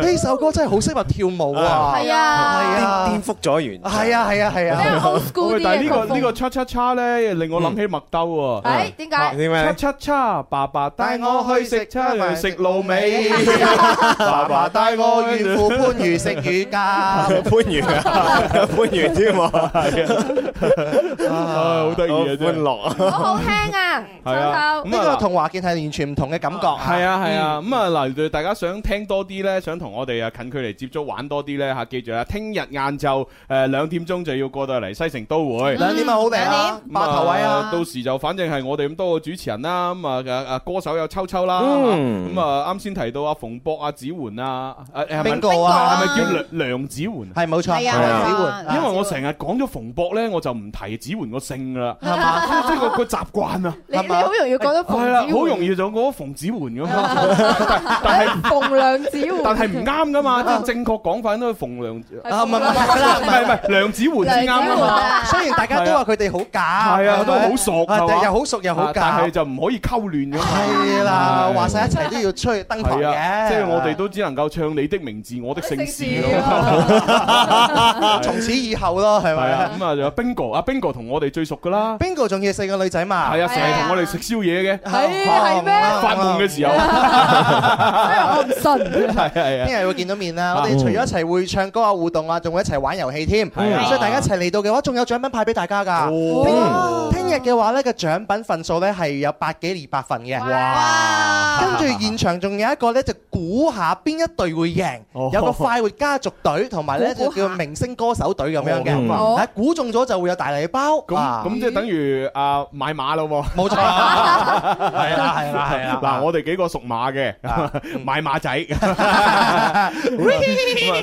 呢首歌真係好適合跳舞啊！係啊，係啊，顛覆咗完係啊，係啊，係啊。但係呢個呢個叉叉叉咧，令我諗起麥兜喎。係點解？點咩？叉叉叉，爸爸帶我去食叉，食滷味。爸爸帶我去番禺食乳鴿。番禺啊，番禺添喎。係啊，好得意啊！歡樂。好好聽啊！收收。咁啊，呢個同華健係完全唔同嘅感覺。係啊，係啊。咁啊，嗱，如果大家想聽多啲咧，想。同我哋啊近距離接觸玩多啲咧嚇，記住啦！聽日晏晝誒兩點鐘就要過到嚟西城都會，兩點啊，好定？兩點八頭位啊！到時就反正係我哋咁多個主持人啦，咁啊啊歌手有秋秋啦，咁啊啱先提到阿馮博阿子桓啊，係咪冰哥啊？係咪叫梁子桓？係冇錯，係啊，子桓。因為我成日講咗馮博咧，我就唔提子桓個姓㗎啦，係嘛？即係個個習慣啊，你好容易講到馮，係啦，好容易就講到馮子桓咁啦。但係馮梁子桓，但係。唔啱噶嘛？正確講法應該馮亮啊，唔係唔係，唔係唔係，梁子桓先啱啊！雖然大家都話佢哋好假，係啊，都好熟啊，又好熟又好假，但係就唔可以溝亂咁。係啦，話曬一齊都要出去登台嘅，即係我哋都只能夠唱你的名字，我的姓氏，從此以後咯，係咪？咁啊，有 bingo 啊，bingo 同我哋最熟噶啦，bingo 仲要四個女仔嘛，係啊，成日同我哋食宵夜嘅，係係咩？發夢嘅時候，我唔信，係係。聽日會見到面啦！我哋除咗一齊會唱歌啊、互動啊，仲會一齊玩遊戲添，係啊，所以大家一齊嚟到嘅話，仲有獎品派俾大家㗎。哦，聽日嘅話咧，個獎品份數咧係有百幾二百份嘅。哇！跟住現場仲有一個咧，就估下邊一隊會贏，有個快活家族隊同埋咧，就叫明星歌手隊咁樣嘅。哦，估中咗就會有大禮包。咁即係等於啊買馬咯喎！冇錯，係啦係啦係啦。嗱，我哋幾個屬馬嘅買馬仔。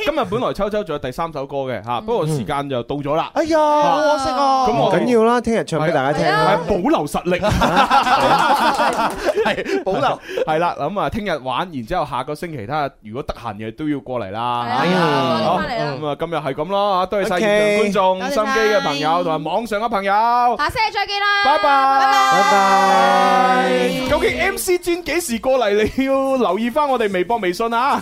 今日本來秋秋仲有第三首歌嘅吓，不過時間就到咗啦。哎呀，好可惜啊！咁我緊要啦，聽日唱俾大家聽，係保留實力，係保留係啦。咁啊，聽日玩，然之後下個星期，睇下如果得閒嘅都要過嚟啦。好，咁啊，今日係咁咯。吓，多謝晒現場觀眾、收機嘅朋友同埋網上嘅朋友。下次再見啦，拜拜拜拜。究竟 M C 尊幾時過嚟？你要留意翻我哋微博、微信啊！